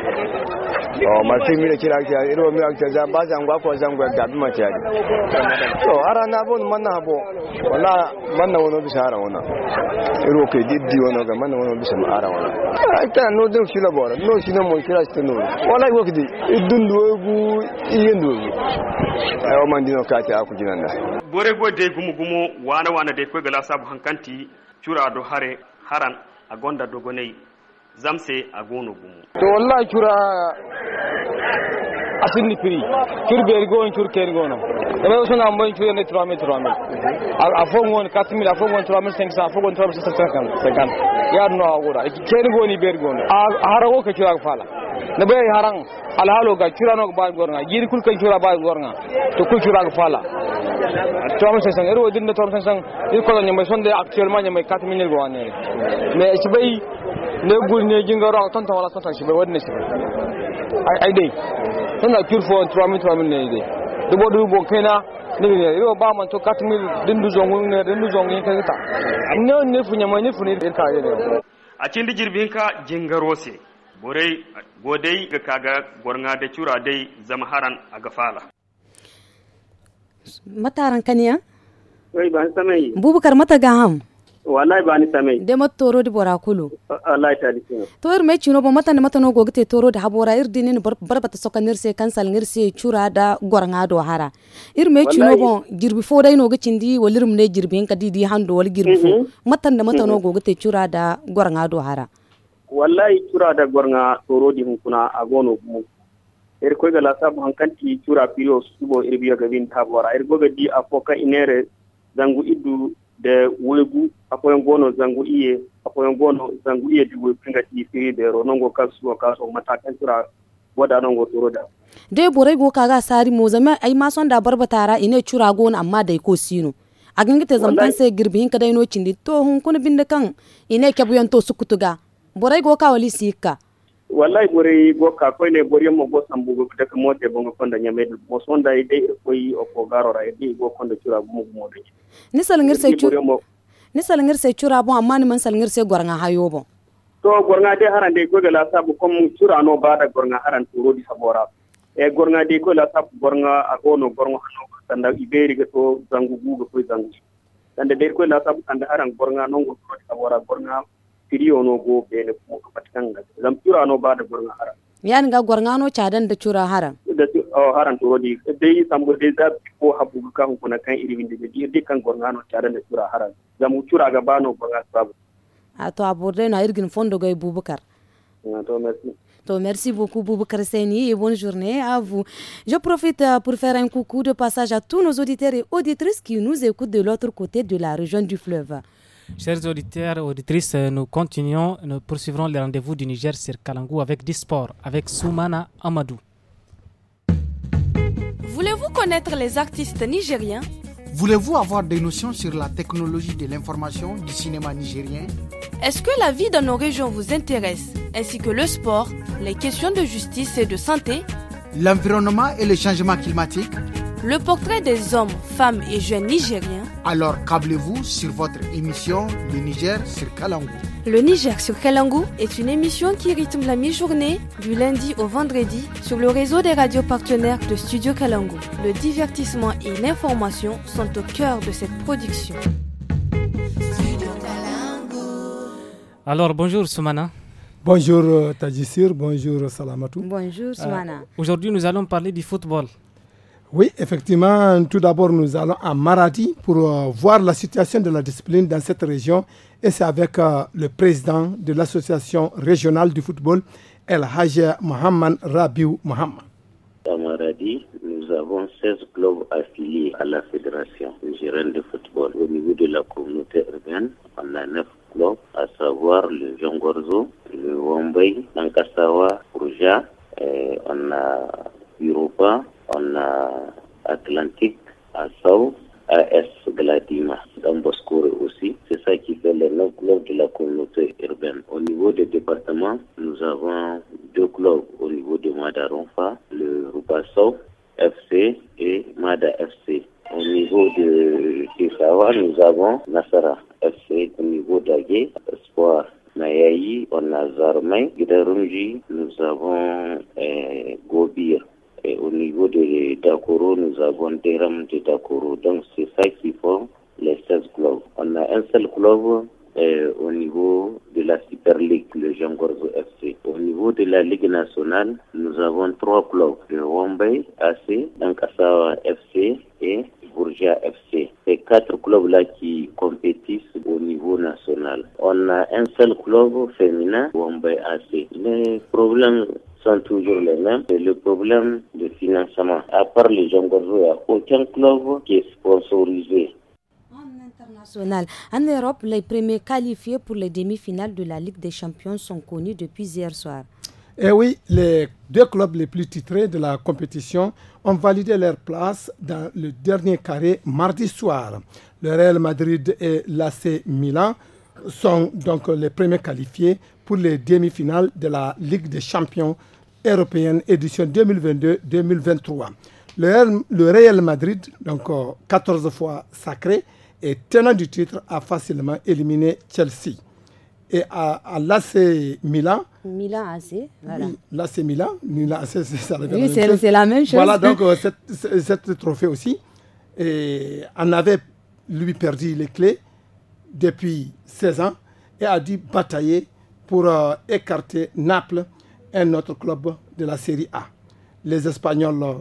[SPEAKER 14] o oh, ma fi mi kira kira irwo mi akta za ba zan gwa ko zan gwa da bi ma tiya
[SPEAKER 15] to ara na bon man na bo
[SPEAKER 14] wala man na wono bisa ara wono iro ke diddi wono ga man na wono bisa ara wono ta no dun la bora no na mo kira shi no wala ko kidi idun duwogu iyen duwogu
[SPEAKER 13] ayo man dino ka ta aku jinan da bore go de gumu gumu wana wana de koygela sabu hankanti cura do hare haran a gonda dogonai zamse
[SPEAKER 15] a gono gumu to wallahi cura asinni prix cur beeri goo en cur keeri goono rew sona mboyen curene 3000 3000 a fo woni 4000 a fo woni 3500 a fo woni 3550 yaadu no a wura keeri gooni beeri goono a hara wo ke curaga faala na be harang haran halo ga curano ba jiri kul kan cura ba gornga to kul cura ga fala to am sesang ero din to am sesang il ko mai sonde actuellement nyamay 4 minutes go ne. mais ci bay ne gul ne jinga ro ton wala ton ci bay wadne ci ay ay dey a na cure fo 3 minutes 3 minutes ne do bodu bo kena ne ne ro ba man to 4 minutes din du zongun ne din du zongun
[SPEAKER 16] ta ta ne ne fu ne ne ka
[SPEAKER 13] a jirbinka jingarose borai godai ga kaga gwarna da cura dai zama haran a gafala
[SPEAKER 1] mataran kaniya wai ba samai bubukar mata ham?
[SPEAKER 13] wallahi ba ni samai de
[SPEAKER 1] mata toro di bora kulu
[SPEAKER 13] wallahi ta dikino
[SPEAKER 1] to irin mai cino ba mata ne mata no gogte toro da habora ir dinin barbata soka nirse kansal nirse cura da gwarna do hara Irin mai cino ba girbi fo dai no gicindi walirum ne girbi en kadi di hando wal girbi fo mhm. mata ne mata no mhm. gogte cura da gwarna do hara
[SPEAKER 13] wallahi tura da gwarna toro di hunkuna a gono mu er ko gala sabu hankanti tura piro subo er ga gabin tabora er goga di afoka inere zangu idu da wegu apoyon gono zangu iye apoyon gono zangu iye di wegu pinga ti firi bero nongo kasu kaso matakan tura wada nongo toro da
[SPEAKER 1] dai bore go kaga sari mo zama ai ma son da barba tara ine tura gono amma dai ko sino a gangita zamtan sai girbin ka dai no cindi to hunkuna kun bin da kan ine kebuyan to sukutuga borai go ka wali ka
[SPEAKER 13] wallahi borai go ka ko ne borai mo go sambu go ta ko mote bongo konda nyame mo sonda ide ko yi o ko garo ra ide go konda tura mo mo de
[SPEAKER 1] ni sal ngir sai chu ni sal ngir sai chura bo amma ni man sal ngir sai gornga hayo bo
[SPEAKER 13] to gornga de haran de go la sabu ko mu chura no ba da gornga haran turo di sabora e gornga de ko la sabu gornga agono gornga hano tanda iberi ga to zangu guga ko zangu tanda de ko la sabu tanda haran gornga no go turo sabora gornga firiyono go bene ko ka patkan ga no bada ba da gurna haram
[SPEAKER 1] yani ga gwarngano cadan da cura haram
[SPEAKER 13] da haram to rodi dai sambo dai za ko habu ka hun kuna kan irin da dai dai kan gwarngano cadan da cura haram zam cura ga bano ga sabu
[SPEAKER 1] a to aborde na irgin fondo ga bubukar to merci To merci beaucoup, Boubacar Seni, et bonne journée à vous. Je profite euh, pour faire un coucou de passage à tous nos auditeurs et auditrices qui nous écoutent de l'autre côté de la région du fleuve.
[SPEAKER 2] Chers auditeurs, auditrices, nous continuons, nous poursuivrons les rendez-vous du Niger sur Kalangou avec Disport, avec Soumana Amadou.
[SPEAKER 7] Voulez-vous connaître les artistes nigériens
[SPEAKER 8] Voulez-vous avoir des notions sur la technologie de l'information du cinéma nigérien
[SPEAKER 7] Est-ce que la vie dans nos régions vous intéresse, ainsi que le sport, les questions de justice et de santé
[SPEAKER 8] L'environnement et le changement climatique
[SPEAKER 7] le portrait des hommes, femmes et jeunes nigériens.
[SPEAKER 8] Alors câblez-vous sur votre émission Le Niger sur Kalangou. Le Niger sur Kalangou est une émission qui
[SPEAKER 7] rythme la mi-journée du lundi au vendredi sur le réseau des radios partenaires de Studio Kalangou. Le divertissement et l'information sont au cœur de cette production.
[SPEAKER 2] Alors bonjour Soumana. Bonjour euh,
[SPEAKER 16] Tadjissir, bonjour Salamatou. Bonjour Soumana.
[SPEAKER 2] Euh, aujourd'hui nous allons parler du football.
[SPEAKER 16] Oui, effectivement, tout d'abord, nous allons à Maradi pour euh, voir la situation de la discipline dans cette région. Et c'est avec euh, le président de l'association régionale du football, El Hajj Mohamed Rabiou Mohamed.
[SPEAKER 17] À Maradi, nous avons 16 clubs affiliés à la Fédération régionale de football. Au niveau de la communauté urbaine, on a 9 clubs, à savoir le Jean Gorzo, le Wambay, Nankasawa, et on a Europa, on a Atlantique, à AS Gladima, dans aussi. C'est ça qui fait les neuf clubs de la communauté urbaine. Au niveau des départements, nous avons deux clubs au niveau de Madaronfa, le Rupasso, FC et Mada FC. Au niveau de Kissawa, nous avons Nassara FC. Au niveau d'Agué, Espoir Nayayi, on a Zarmay, Gidarunji, nous avons eh, Gobir au niveau de Dakoro, nous avons des rames de Dakoro. Donc, c'est ça qui forme les 16 clubs. On a un seul club euh, au niveau de la Super League, le Jean Gorzo FC. Au niveau de la Ligue nationale, nous avons trois clubs, le Wombay AC, Dankasawa FC et Bourgia FC. Ces quatre clubs-là qui compétissent au niveau national. On a un seul club féminin, Wombay AC. Le problème sont toujours les mêmes. et le problème de financement. À part les Jongorzo, il n'y a aucun club qui est sponsorisé.
[SPEAKER 1] En Europe, les premiers qualifiés pour les demi-finales de la Ligue des Champions sont connus depuis hier
[SPEAKER 16] soir. Eh oui, les deux clubs les plus titrés de la compétition ont validé leur place dans le dernier carré mardi soir. Le Real Madrid et l'AC Milan sont donc les premiers qualifiés pour les demi-finales de la Ligue des champions européenne édition 2022-2023. Le, Real Madrid, donc 14 euh, fois sacré et tenant du titre, a facilement éliminé Chelsea. Et à, à l'AC Milan. Milan AC, voilà. L'AC Milan, Milan AC, c'est la, même chose. Voilà, donc euh, cette, trophée aussi. Et on avait lui perdu les clés depuis 16 ans et a dû batailler pour euh, écarter Naples, un autre club de la Série A. Les Espagnols euh,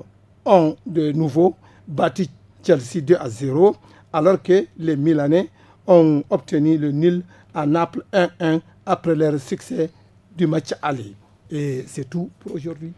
[SPEAKER 16] ont de nouveau battu Chelsea 2 à 0, alors que les Milanais ont obtenu le nil à Naples 1-1 après leur succès du match aller. Et c'est tout pour aujourd'hui.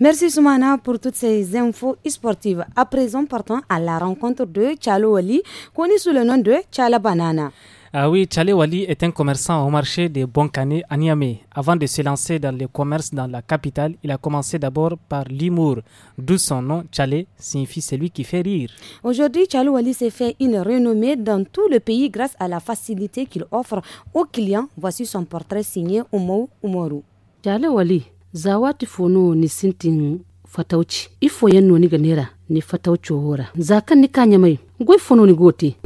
[SPEAKER 1] Merci Soumana pour toutes ces infos sportives. À présent, partons à la rencontre de Chalo Ali, connu sous le nom de Chala Banana.
[SPEAKER 2] Ah oui, Tchale Wali est un commerçant au marché des canets à Niamey. Avant de se lancer dans le commerce dans la capitale, il a commencé d'abord par l'humour, d'où son nom Tchale, signifie celui qui fait rire.
[SPEAKER 1] Aujourd'hui, Tchale Wali s'est fait une renommée dans tout le pays grâce à la facilité qu'il offre aux clients. Voici son portrait signé Omo Umoru. Tchale Wali, Zawati ni Fatauchi, Ifo Niganera,
[SPEAKER 11] ni Fatauchi Hora. Zakan goi Nigoti.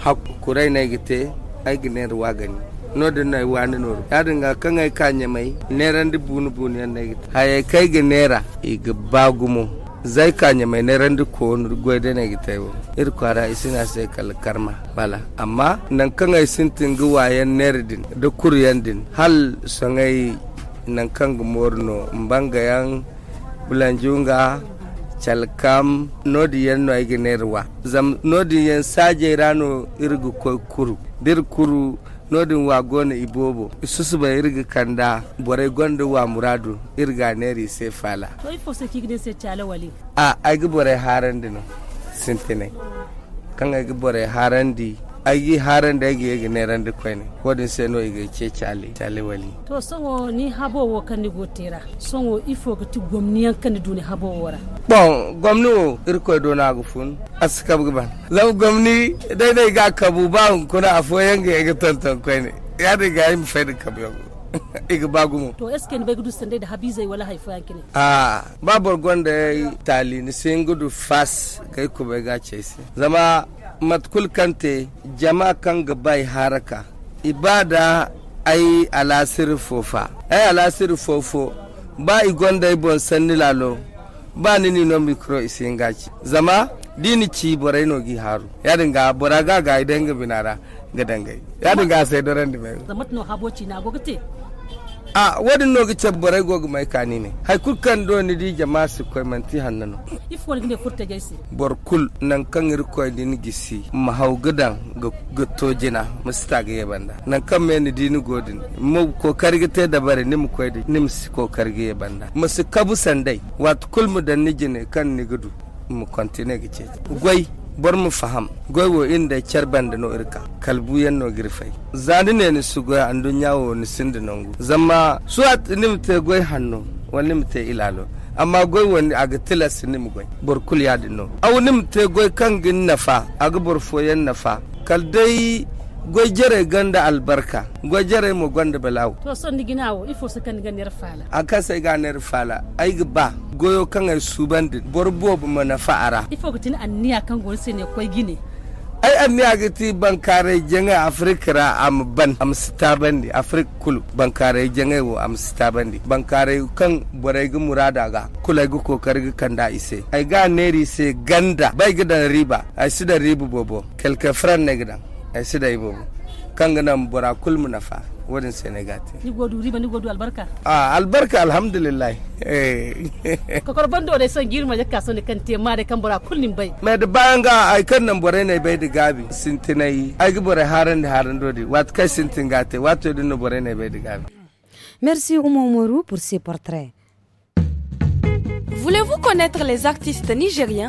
[SPEAKER 15] hak kurai na gite ai giner wagani no da na wani no ya dinga kan ai kanya mai neran di bunu bunu yan na gite haye kai ga nera i ga bagumo zai kanya mai neran di ko no gwede na gite wo ir kwara isina sai kal karma bala amma nan kan ai sintin ga wayan din. da kuryan din hal sangai nan kan gumorno mbanga yang bulanjunga calkam nodi yen no nerwa zam nodi yen saje rano irgu ko kuru dir kuru nodin wa gona ibobo susu ba irga kanda bore gonda wa muradu irga neri sai fala
[SPEAKER 18] to ifo se kigde se chala wali
[SPEAKER 15] a ayi bore harandino no sintine kan agi bore harandi agi haran da agi yagi neran da kwani kodin sai no iga ke kyale kyale wali
[SPEAKER 11] to sanwo ni habo wo kan ni gotera sanwo ifo ga ti gomni yan kan duni habo wora
[SPEAKER 15] bon gomni wo irko do na gu fun askab ban. law gomni dai dai ga kabu ba kuna afo yanga ga tantan kwani ya ga yi mu da kabu (laughs) iga mu. to
[SPEAKER 11] eske ni bai gudu sande da habiza wala haifa babu
[SPEAKER 15] ah babor gonda tali ni singudu fas kai ko be ga chesi zama matkul kante jama'a kan gabai haraka ibada ai alasir fofa ai alasir fofo ba igonda bon sanni lalo ba nini no mikro isingaci zama dini ci borai no gi haru ya dinga bora ga idan ga binara ga dangai ya dinga sai doran da Zama
[SPEAKER 19] zamat no haboci na gogote
[SPEAKER 15] a wadin nogi gice borai gogu mai kani ne hay kul kan do ni di jama su koy manti hannano
[SPEAKER 19] if wal ginde furta jaysi
[SPEAKER 15] bor kul nan kan ir koy din gisi ma haw gadan ga to jina musta ga yabanda nan kan me ni di ni godin mu ko kargite da bare ni mu koy di ni mu ko karge yabanda musu kabu sandai wat kul mu dan ni jine kan ni gudu mu kontine gice gwai bor mu faham goy wo inda cerbande no irka kalbu yan no girfai zani ne ni su an andu wo ni sindi nongu zama su te goi hannu wani mu te ilalo amma wani a ga tilas mu goi bor kul din no aw nimte kan kangin nafa ga bor foyen nafa kal dai gojere ganda albarka gojere mu gwanda balaw
[SPEAKER 17] to sonni
[SPEAKER 11] ginawo ifo sakan ga ner fala
[SPEAKER 15] akasa ga ner fala ay ba goyo kan ay subandi borbo bu mana fa'ara
[SPEAKER 11] ifo gutin anniya kan gol sene koy gine
[SPEAKER 15] ai anniya gati bankare jenga afrika ra am ban am sitabandi afrika kulu bankare jenga wo am sitabandi bankare kan borai gu murada ga kula gu kokari gu kanda ise ai ga neri se ganda bai gidan riba ai sida ribu bobo kelke fran ne gidan ay sida ay kanga nam bora kulmu nafa wadin senegati
[SPEAKER 19] ni godu
[SPEAKER 11] riba ni godu albarka
[SPEAKER 15] ah albarka alhamdulillah eh (laughs)
[SPEAKER 11] ko bando de son girma jakka son kan te ma kan bora kullin bai
[SPEAKER 15] me de banga ai kan nan bora ne bai da gabi sintinai ai bora haran da haran dodi wat kai sintin gate wato din bora ne bai de gabi
[SPEAKER 1] Merci Oumou Mourou pour ces portraits. Voulez-vous connaître
[SPEAKER 7] les artistes nigériens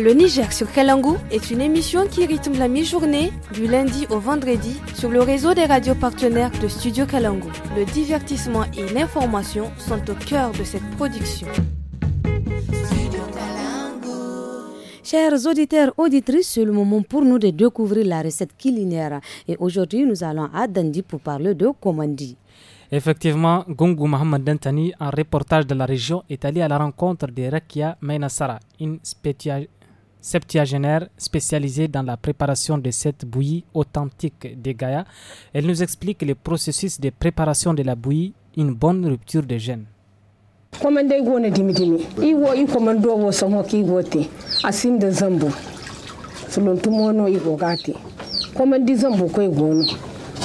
[SPEAKER 7] Le Niger sur Kalangu est une émission qui rythme la mi-journée du lundi au vendredi sur le réseau des radios partenaires de Studio Kalangu. Le divertissement et l'information sont au cœur de cette production.
[SPEAKER 1] Chers auditeurs, auditrices, c'est le moment pour nous de découvrir la recette culinaire. Et aujourd'hui, nous allons à Dandi pour parler de komandi.
[SPEAKER 2] Effectivement, Gungu Mohamed Dantani, un reportage de la région, est allé à la rencontre des Rakia Mainasara, une spécialiste septiagénaire spécialisée dans la préparation de cette bouillie authentique des Gaïa. Elle nous explique le processus de préparation de la bouillie, une bonne rupture de gêne.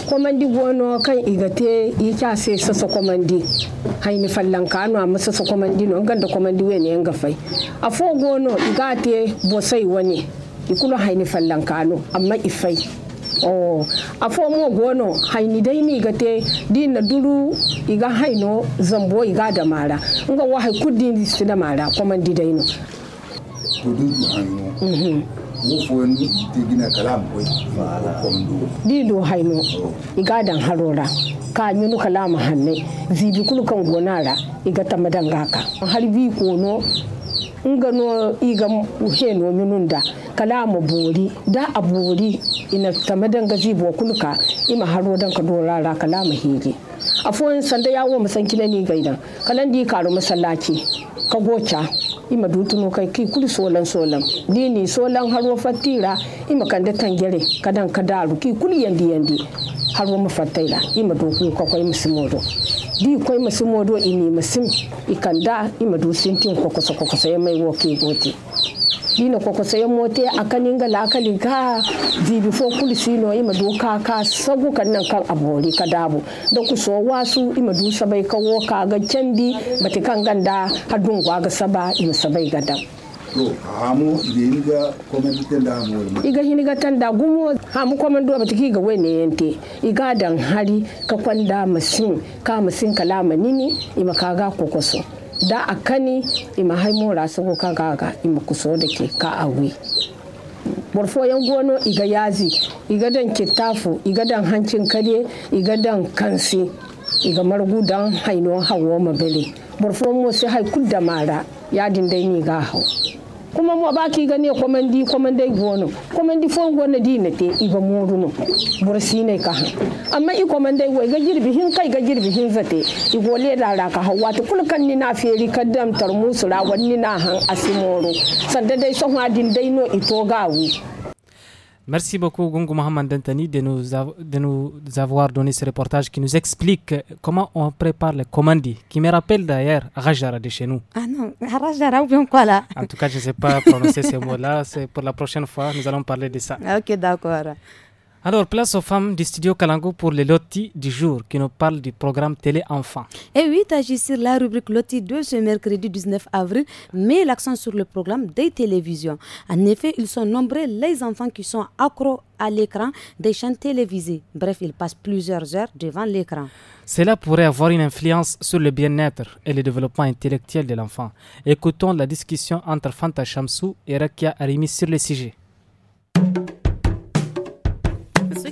[SPEAKER 19] komandi gono kan igate kya se sasa komandi haini fallan ka anu amma sasa komandi no ganda komandi ne yanga fai fo gono igate bosai wani ikulo haini fallan ka anu amma ifai oh fo mo gono haini dai mi gate din na duru iga haino zambo iga da mara nga wahai kudin da mara komandi dai no
[SPEAKER 5] kudin haino mhm. wo fo ni tegina kalam ko ko ndu
[SPEAKER 19] dilo hayno oh. igadan harora ka nyunu kalama hanne zibi kulu kan gonara iga tamadan gaka har bi ko no ngano iga heno nyununda kala mu bori da a bori ina tama danga jibo kulka ima haro dan ka dorara kala mu hege a foyin sanda yawo musan kila ni gaida kalan di karu masallaci ka gocha ima dutuno kai ki kuli solan solan Ni ni solan haro fatira ima kanda tangere kadan daru ki kuli yandi yandi har wani fataila ima doku ka kwai musimodo di kwai musimodo ini musim ikanda ima dusin tin kokoso kokoso ya mai woke gote dina ko ya mote a kaninga la akali ga zibi fo kulisi no ima do ka ka sagu kan nan kan abori ka dabu da ku so wasu ima du sabai ka wo ka ga candi bati kan ganda hadun gwa ga saba ima sabai ga dam
[SPEAKER 20] hamu ga komanditen da hamu iga
[SPEAKER 19] hiniga tan da gumo hamu komando bati ki ga wene yente iga dan hari ka kwanda masin ka masin kalama nini ima kaga kokoso da a kani ima haimu rasu sugo ka gaga ima kuso da ke ka awi borfo yan gono iga yazi iga dan kittafu iga dan hancin kare iga dan kansi iga margu dan haino hawo mabele borfo mu sai hai kudda mara yadin dai ni ga hau kuma mo ba ki gane komandi komandai gono komandi fon gono di te iba moru no bursi ne ka amma i komandai wai ga girbi hin kai ga girbi hin zate i gole da ra ka hawa to kul kan ni na feri kaddam tar musu ra wanni na han asimoro sanda dai son hadin dai no ito gawu
[SPEAKER 2] Merci beaucoup, Gungu Mohamed Dantani, de nous, de nous avoir donné ce reportage qui nous explique comment on prépare le commandi qui me rappelle d'ailleurs Rajara de chez nous.
[SPEAKER 1] Ah non, Rajara ou bien quoi là En
[SPEAKER 2] tout cas, je ne sais pas prononcer ce mot là C'est pour la prochaine fois, nous allons parler de ça.
[SPEAKER 1] Ok, d'accord.
[SPEAKER 2] Alors, place aux femmes du studio Kalango pour les lotis du jour qui nous parlent du programme Télé
[SPEAKER 1] Enfants. Et eh oui, agis sur la rubrique lotis de ce mercredi 19 avril met l'accent sur le programme des télévisions. En effet, ils sont nombreux les enfants qui sont accros à l'écran des chaînes télévisées. Bref, ils passent plusieurs heures devant l'écran.
[SPEAKER 2] Cela pourrait avoir une influence sur le bien-être et le développement intellectuel de l'enfant. Écoutons la discussion entre Fanta Shamsou et Rakia Arimi sur le sujet.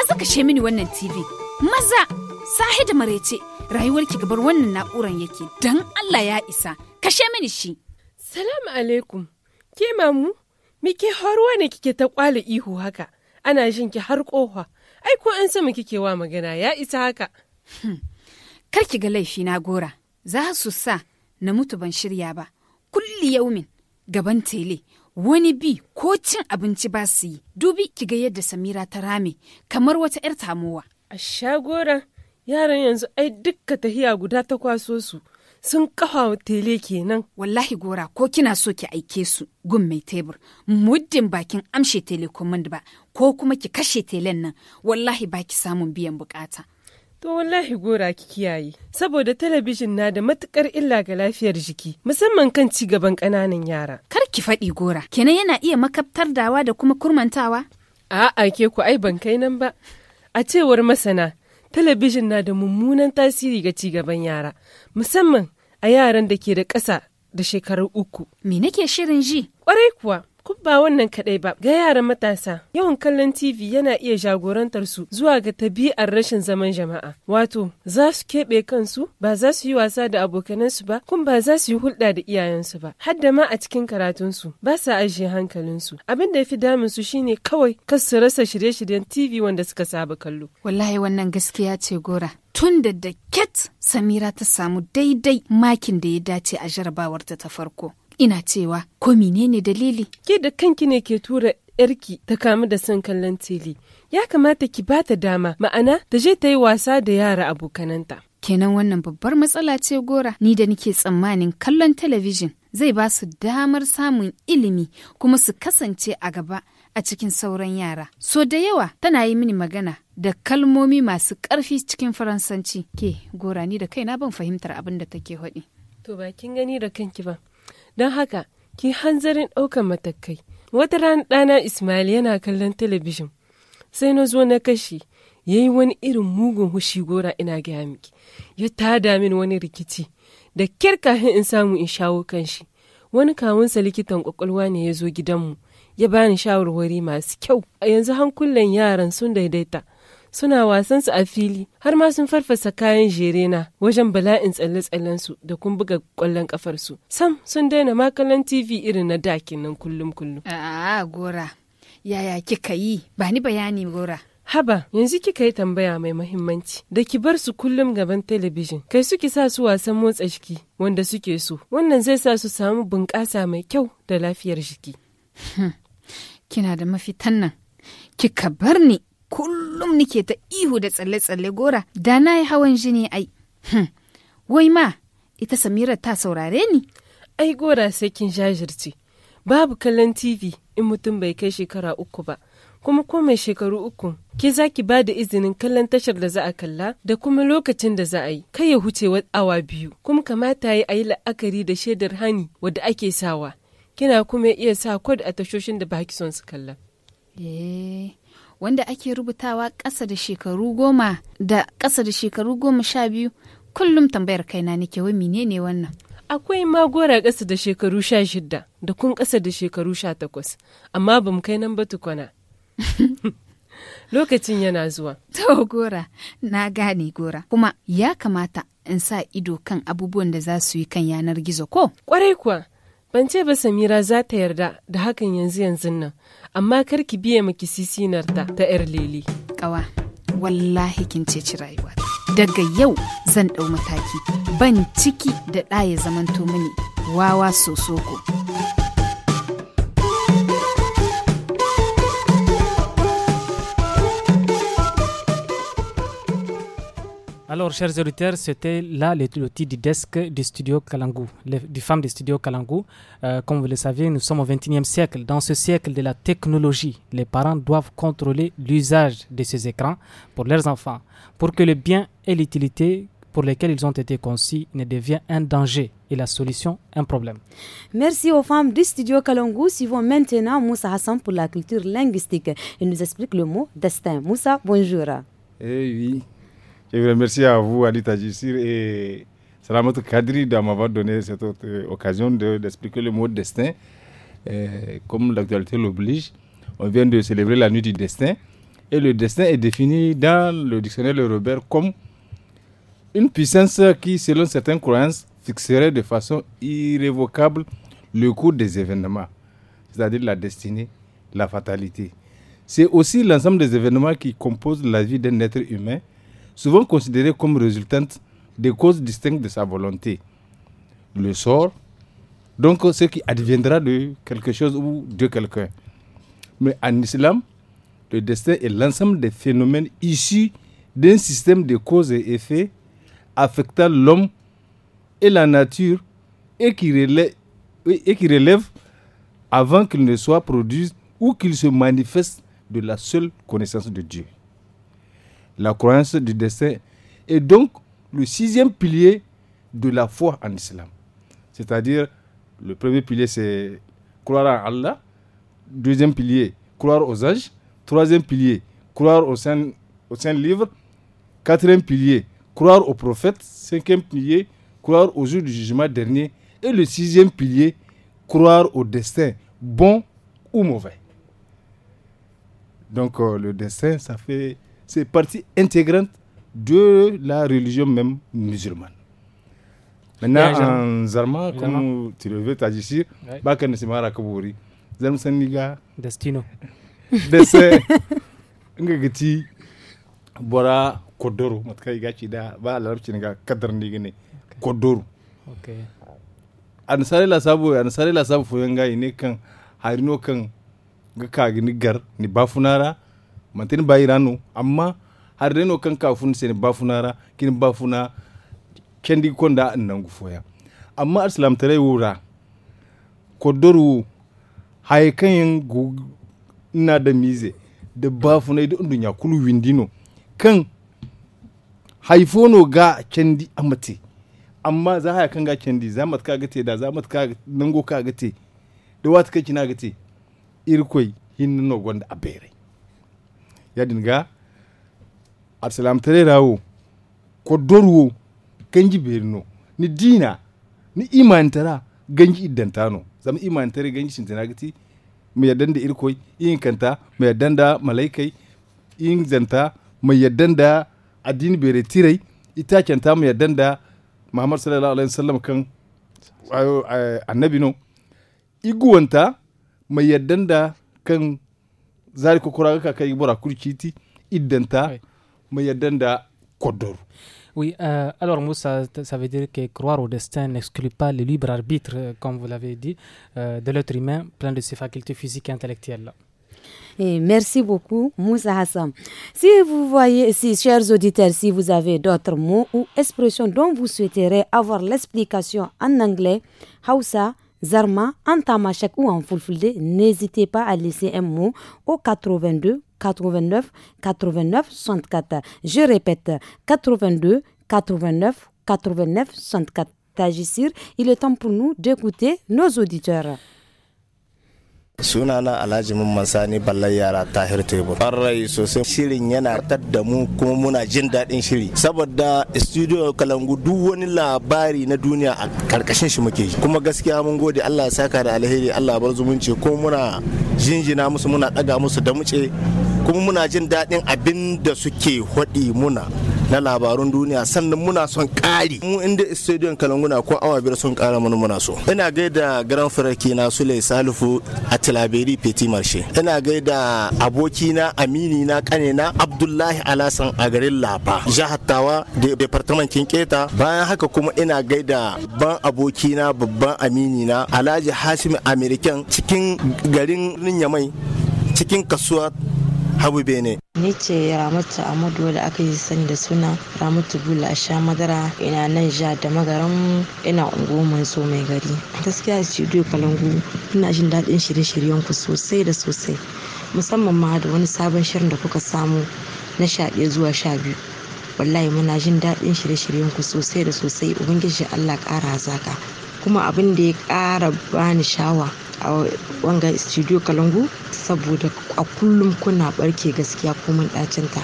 [SPEAKER 21] maza kashe mini wannan TV. Maza, sahi da marece, rayuwarki gabar wannan na'uran yake, dan Allah ya isa, kashe mini shi. Salamu alaikum, ke mamu,
[SPEAKER 18] mike horwa ne kike ta kwale ihu haka, ana jin ki har kofa, ai ko an sama
[SPEAKER 21] kike wa magana ya isa haka. Hmm. Kar ki ga laifi na gora, za su sa na mutu ban shirya ba, kulli yaumin gaban tele wani bi ko cin abinci ba su yi dubi kiga yadda samira ta rame kamar wata 'yar tamowa a shagora yaran yanzu ai dukka tahiya guda ta kwaso su sun kafa tele kenan wallahi gora ko kina so ki aike su gun mai tebur muddin bakin amshe tele ba ko kuma ki kashe telen nan wallahi baki samun biyan bukata To wallahi gora ki kiyaye. Saboda talabijin na da matukar
[SPEAKER 18] illa ga lafiyar jiki, musamman kan ci gaban ƙananan yara. Kar ki faɗi gora, kenan yana iya makabtar dawa da kuma kurmantawa? A'a ke ku ai ban kai nan ba. A cewar masana, talabijin na da mummunan tasiri ga ci gaban yara, musamman a yaran da ke da ƙasa da shekaru uku. Me nake shirin ji? Ƙwarai kuwa, ba wannan kaɗai ba ga yaran matasa yawan kallon tv yana iya jagorantar su zuwa ga tabi'ar rashin zaman jama'a wato za su keɓe kansu ba za su yi wasa da abokanansu ba kuma ba za su yi hulɗa da iyayensu ba har da ma a cikin karatunsu ba sa ajiye hankalinsu abin da ya fi damun su shine kawai kar su rasa shirye-shiryen tv wanda suka saba kallo
[SPEAKER 21] wallahi wannan gaskiya ce gora tun da da ket samira ta samu daidai makin da ya dace a jarabawarta ta farko ina cewa ko menene dalili ke da
[SPEAKER 18] kanki ne ke tura yarki ta kamu da son kallon tele ya kamata ki ba ta dama
[SPEAKER 21] ma'ana ta je ta yi wasa da yara abokananta kenan wannan babbar matsala ce gora ni da nike tsammanin kallon talabijin zai ba su damar samun ilimi kuma su kasance a gaba a cikin sauran yara so da yawa tana yi mini magana da kalmomi masu ƙarfi cikin faransanci ke gora ni da kaina ban fahimtar abin da take haɗi to ba kin gani da kanki ba Don haka, ki hanzarin ɗaukan matakai.
[SPEAKER 18] Wata rana ɗana Ismail yana kallon talabijin. Sai na zo na kashi, ya yi wani irin mugun hushi gora ina gaya miki. Ya tada min wani rikici, da kyar kafin in samu in shawo kan shi. Wani kawunsa likitan kwakwalwa ne ya zo gidanmu, ya bani shawarwari masu kyau. A yanzu hankulan yaran sun daidaita, suna wasansu a fili har ma sun farfasa kayan jerena wajen bala'in tsalle su da kun buga kwallon kafarsu sam sun daina makalan tv irin na dakin nan kullum kullum
[SPEAKER 21] a'a gora yaya kika yi ba ni bayani gora Haba, yanzu kika yi
[SPEAKER 18] tambaya mai mahimmanci, da ki bar su kullum gaban talabijin, kai suke sa su wasan motsa jiki wanda suke so, wannan zai sa su samu bunƙasa mai kyau da lafiyar jiki.
[SPEAKER 21] Kina da mafitan nan, kika bar ni kullum nike ta ihu da tsalle-tsalle gora da na yi hawan jini ai. Hmm. Wai ma, ita Samira ta saurare ni? Ai gora sai kin jajirce, babu kallon TV
[SPEAKER 18] in mutum bai kai shekara uku ba, kuma ko mai shekaru uku, ke za ki ba da izinin kallon tashar da za a kalla da kuma lokacin da za a yi, kai ya huce awa biyu, kuma kamata ya yi la'akari da shaidar hani wadda ake sawa. Kina kuma iya sa kod a tashoshin da baki son su kalla.
[SPEAKER 21] Eh. wanda ake rubutawa ƙasa da shekaru goma da ƙasa da shekaru goma sha biyu kullum tambayar kaina nake wai menene wannan
[SPEAKER 18] akwai magora ƙasa da shekaru sha shida da kun ƙasa da shekaru sha takwas amma ba mu kai nan ba tukwana (laughs) lokacin yana zuwa
[SPEAKER 21] to gora na gane gora kuma ya kamata in sa ido kan abubuwan da za su yi kan yanar gizo ko kwarai kuwa Ban ce ba Samira za ta yarda da hakan yanzu
[SPEAKER 18] yanzun nan, amma kar ki biya maki sisinar ta ta ‘yar lele. Kawa,
[SPEAKER 21] wallahi kin ceci rayuwa. Daga yau zan ɗau mataki, ban ciki da ɗaya zamanto mini wawa sosoko.
[SPEAKER 2] Alors, chers auditeurs, c'était là le, du desk du studio Kalangu, du femmes du studio Kalangu. Euh, comme vous le savez, nous sommes au XXIe siècle. Dans ce siècle de la technologie, les parents doivent contrôler l'usage de ces écrans pour leurs enfants, pour que le bien et l'utilité pour lesquels ils ont été conçus ne deviennent un danger et la solution un problème.
[SPEAKER 1] Merci aux femmes du studio Kalangou. Suivons maintenant Moussa Hassan pour la culture linguistique. Il nous explique le mot destin. Moussa, bonjour.
[SPEAKER 2] Eh
[SPEAKER 20] oui, je vous remercie à vous, Ali Ajissir, et Salamat Kadri, de m'avoir donné cette occasion d'expliquer le mot destin. comme l'actualité l'oblige, on vient de célébrer la nuit du destin. Et le destin est défini dans le dictionnaire de Robert comme une puissance qui, selon certaines croyances, fixerait de façon irrévocable le cours des événements, c'est-à-dire la destinée, la fatalité. C'est aussi l'ensemble des événements qui composent la vie d'un être humain souvent considérée comme résultante des causes distinctes de sa volonté. Le sort, donc ce qui adviendra de quelque chose ou de quelqu'un. Mais en islam, le destin est l'ensemble des phénomènes issus d'un système de causes et effets affectant l'homme et la nature et qui relève, et qui relève avant qu'il ne soit produit ou qu'il se manifeste de la seule connaissance de Dieu la croyance du destin est donc le sixième pilier de la foi en islam. C'est-à-dire, le premier pilier, c'est croire en Allah. Deuxième pilier, croire aux âges. Troisième pilier, croire au saint livre Quatrième pilier, croire aux prophètes. Cinquième pilier, croire aux jours du jugement dernier. Et le sixième pilier, croire au destin, bon ou mauvais. Donc, euh, le destin, ça fait c'est partie intégrante de la religion même musulmane. Maintenant, en Zarma, comme tu le veux, t'as dit ici, Bakan Simara Kabouri, Zarm Saniga,
[SPEAKER 2] Destino, Desse, Ngagati,
[SPEAKER 20] Bora, Kodoro, Matka Igachida, Ba, Larabchinaga, Kadarnigene, Kodoro.
[SPEAKER 2] Ok.
[SPEAKER 20] sare la sabu, sare la sabu, Foyanga, Ine kan, Harino kan, Gakag, Nigar, ni bafunara mantin bayiranu amma har reno kan kafun sene bafunara kin bafuna kendi konda annan gufoya amma aslam tare wura kodoru hay kan gu na da mize da bafuna da dunya kulu windino kan haifono ga kendi amate amma za haya kan ga kendi za mat ka gate da za mat ka nango ka gate da wata kake na gate irkoi hinno gonda abere yadin ga absalam tarerawo ko dorwo ganji berino ni dina ni imantara ganji iddantano zama imantare ganji sintinagati mai yaddan da irkoi yin kanta mai yaddan da malaikai yin zanta mai yaddan da addini bere tirai ita kanta mai yaddan da muhammad sallallahu alaihi wasallam kan eh, annabi no iguwanta mai yaddan da kan
[SPEAKER 2] Oui, euh, alors Moussa, ça veut dire que croire au destin n'exclut pas le libre arbitre, euh, comme vous l'avez dit, euh, de l'être humain, plein de ses facultés physiques et
[SPEAKER 1] intellectuelles. Et merci beaucoup, Moussa Hassan. Si vous voyez, si, chers auditeurs, si vous avez d'autres mots ou expressions dont vous souhaiterez avoir l'explication en anglais, Hausa, Zarma, en tamashek ou en fulfulde, n'hésitez pas à laisser un mot au 82 89 89 64. Je répète, 82 89 89 64. Tagissir, il est temps pour nous d'écouter nos auditeurs.
[SPEAKER 14] sunana alhaji mamman sani ballar yara tahir tebur rai sosai shirin yana tar da mu kuma muna jin daɗin shiri saboda studio kalangu duk wani labari na duniya a karkashin shi muke yi kuma gaskiya mun gode allah ya saka da alheri allah bar zumunci kuma muna jinjina musu muna ɗaga musu da muce kuma muna jin daɗin abin da suke haɗi muna na labarun duniya sannan muna son kari mu inda stadium kalanguna ko awa biyar sun kara mana muna so ina gaida garan faraki na sule salifu a tilaberi peti marshe ina gaida abokina amini na kane na abdullahi alasan a garin lafa jihar tawa da departamentin keta bayan haka kuma ina gaida ban abokina babban amini na alhaji hashim american cikin garin yamai cikin kasuwa Habu Bene.
[SPEAKER 11] Ni ce Ramatu Amadu wadda aka yi sani da suna Ramatu Bula a sha madara ina nan ja da magaran ina unguwar so mai gari. Gaskiya studio Kalangu ina jin daɗin shirye-shiryen ku sosai da sosai musamman ma da wani sabon shirin da kuka samu na sha zuwa sha biyu. Wallahi muna jin daɗin shirye-shiryen ku sosai da sosai Ubangiji Allah ƙara hazaka. Kuma abin da ya ƙara bani shawa a wanga studio kalangu saboda a kullum kuna barke gaskiya komin ɗacinta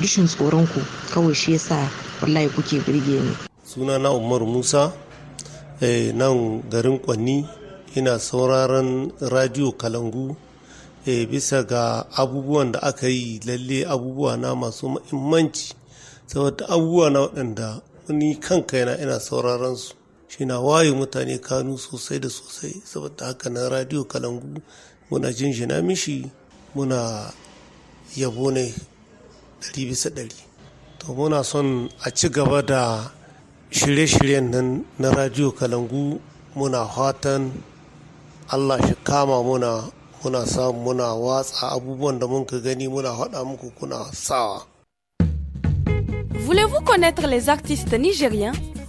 [SPEAKER 11] dushin tsoron ku kawai shi yasa wallahi kuke birge ni
[SPEAKER 14] suna na umar musa eh, nan garin kwanni ina sauraron radio kalangu eh, bisa ga abubuwan da aka yi lalle abubuwa na masu mahimmanci saboda abubuwa na waɗanda ni kanka yana ina sauraron su shi na waye mutane kanu sosai da sosai saboda haka na radio kalangu muna jin na mishi muna yabo ne ɗari bisa ɗari to muna son a ci gaba da shirye-shiryen nan na radio kalangu muna fatan allah shi kama muna muna samu muna watsa abubuwan da mun ka gani muna haɗa muku kuna sawa
[SPEAKER 7] Voulez-vous connaître les artistes nigériens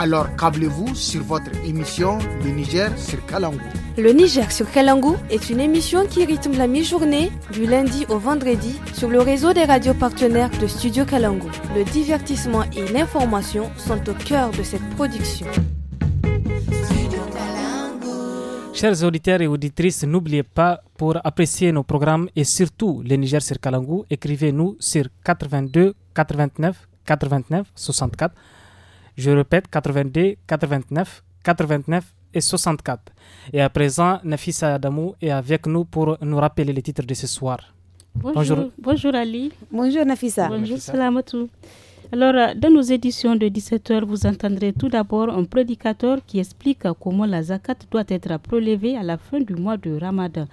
[SPEAKER 8] alors câblez-vous sur votre émission Le Niger sur Kalangou. Le Niger sur Kalangou est une
[SPEAKER 7] émission qui rythme la mi-journée du lundi au vendredi sur le réseau des radios partenaires de Studio Kalangou. Le divertissement et l'information sont au cœur de cette production.
[SPEAKER 2] Chers auditeurs et auditrices, n'oubliez pas, pour apprécier nos programmes et surtout le Niger sur Kalangou, écrivez-nous sur 82 89 89 64 je répète, 82, 89, 89 et 64. Et à présent, Nafisa Adamou est avec nous pour nous rappeler les titres de ce soir. Bonjour.
[SPEAKER 1] Bonjour, Ali. Bonjour Nafisa. Bonjour
[SPEAKER 11] Salamatou. Alors, euh, dans nos éditions de 17h, vous entendrez tout d'abord un prédicateur qui explique comment la zakat doit être prélevée à la fin du mois de Ramadan.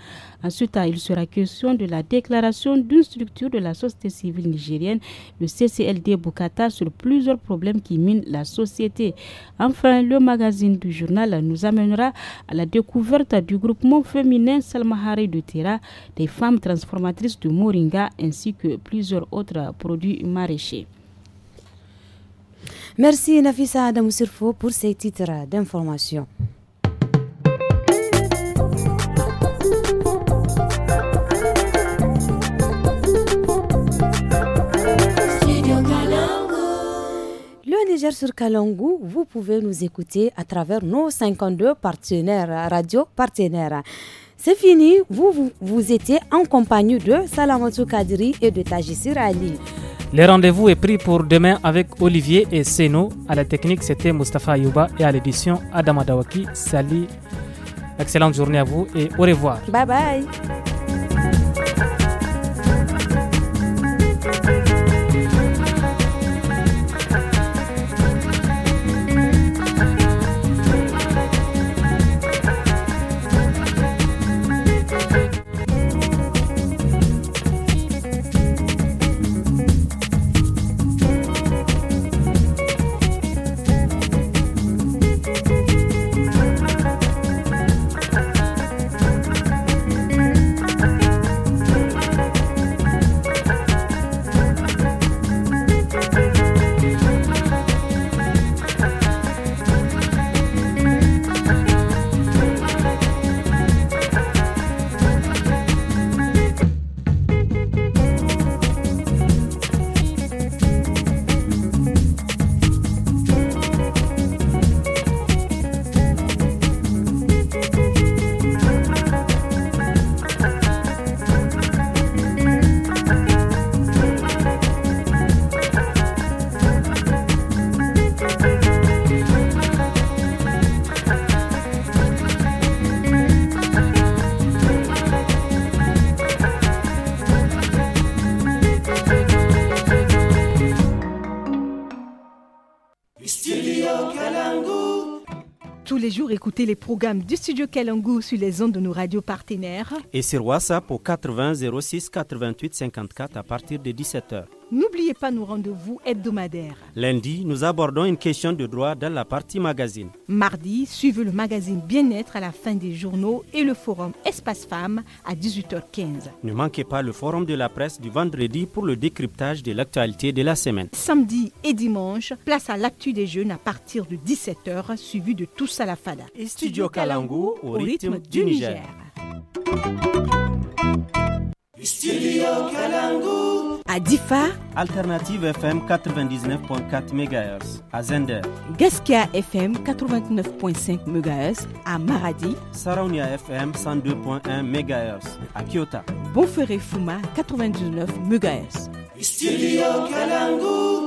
[SPEAKER 11] Ensuite, il sera question de la déclaration d'une structure de la société civile nigérienne, le CCLD Bukata, sur plusieurs problèmes qui minent la société. Enfin, le magazine du journal nous amènera à la découverte du groupement féminin Salmahari de Terra, des femmes transformatrices de Moringa ainsi que plusieurs autres produits
[SPEAKER 1] maraîchers. Merci Nafisa Adam Sirfo pour ces titres d'information. Le Niger sur Kalangu, vous pouvez nous écouter à travers nos 52 partenaires, radio partenaires. C'est fini, vous, vous, étiez en compagnie de Salamatou Kadri et de Tajissir Ali.
[SPEAKER 2] Le rendez-vous est pris pour demain avec Olivier et Seno. À la technique, c'était Mustafa Yuba et à l'édition Adama Dawaki. Salut, excellente journée à vous et au revoir.
[SPEAKER 1] Bye bye.
[SPEAKER 19] les programmes du studio Kalangu sur les ondes de nos radios partenaires.
[SPEAKER 4] Et
[SPEAKER 9] sur WhatsApp au 80 06 88 54 à partir de 17h.
[SPEAKER 19] N'oubliez pas nos rendez-vous hebdomadaires.
[SPEAKER 9] Lundi, nous abordons une question de droit dans la partie magazine.
[SPEAKER 19] Mardi, suivez le magazine Bien-être à la fin des journaux et le forum Espace Femmes à 18h15.
[SPEAKER 9] Ne manquez pas le forum de la presse du vendredi pour le décryptage de l'actualité de la semaine.
[SPEAKER 19] Samedi et dimanche, place à l'actu des jeunes à partir de 17h, suivi de tous à la fada. Et Studio
[SPEAKER 9] Kalangu au, rythme, du Niger.
[SPEAKER 15] Studio
[SPEAKER 19] À Difa.
[SPEAKER 9] Alternative FM 99.4 MHz. À Zender.
[SPEAKER 19] Gaskia FM
[SPEAKER 11] 89.5 MHz. À Maradi.
[SPEAKER 9] Saraunia FM 102.1 MHz. À Kyoto. Bonferré Fuma 99 MHz.
[SPEAKER 13] Studio Kalangu.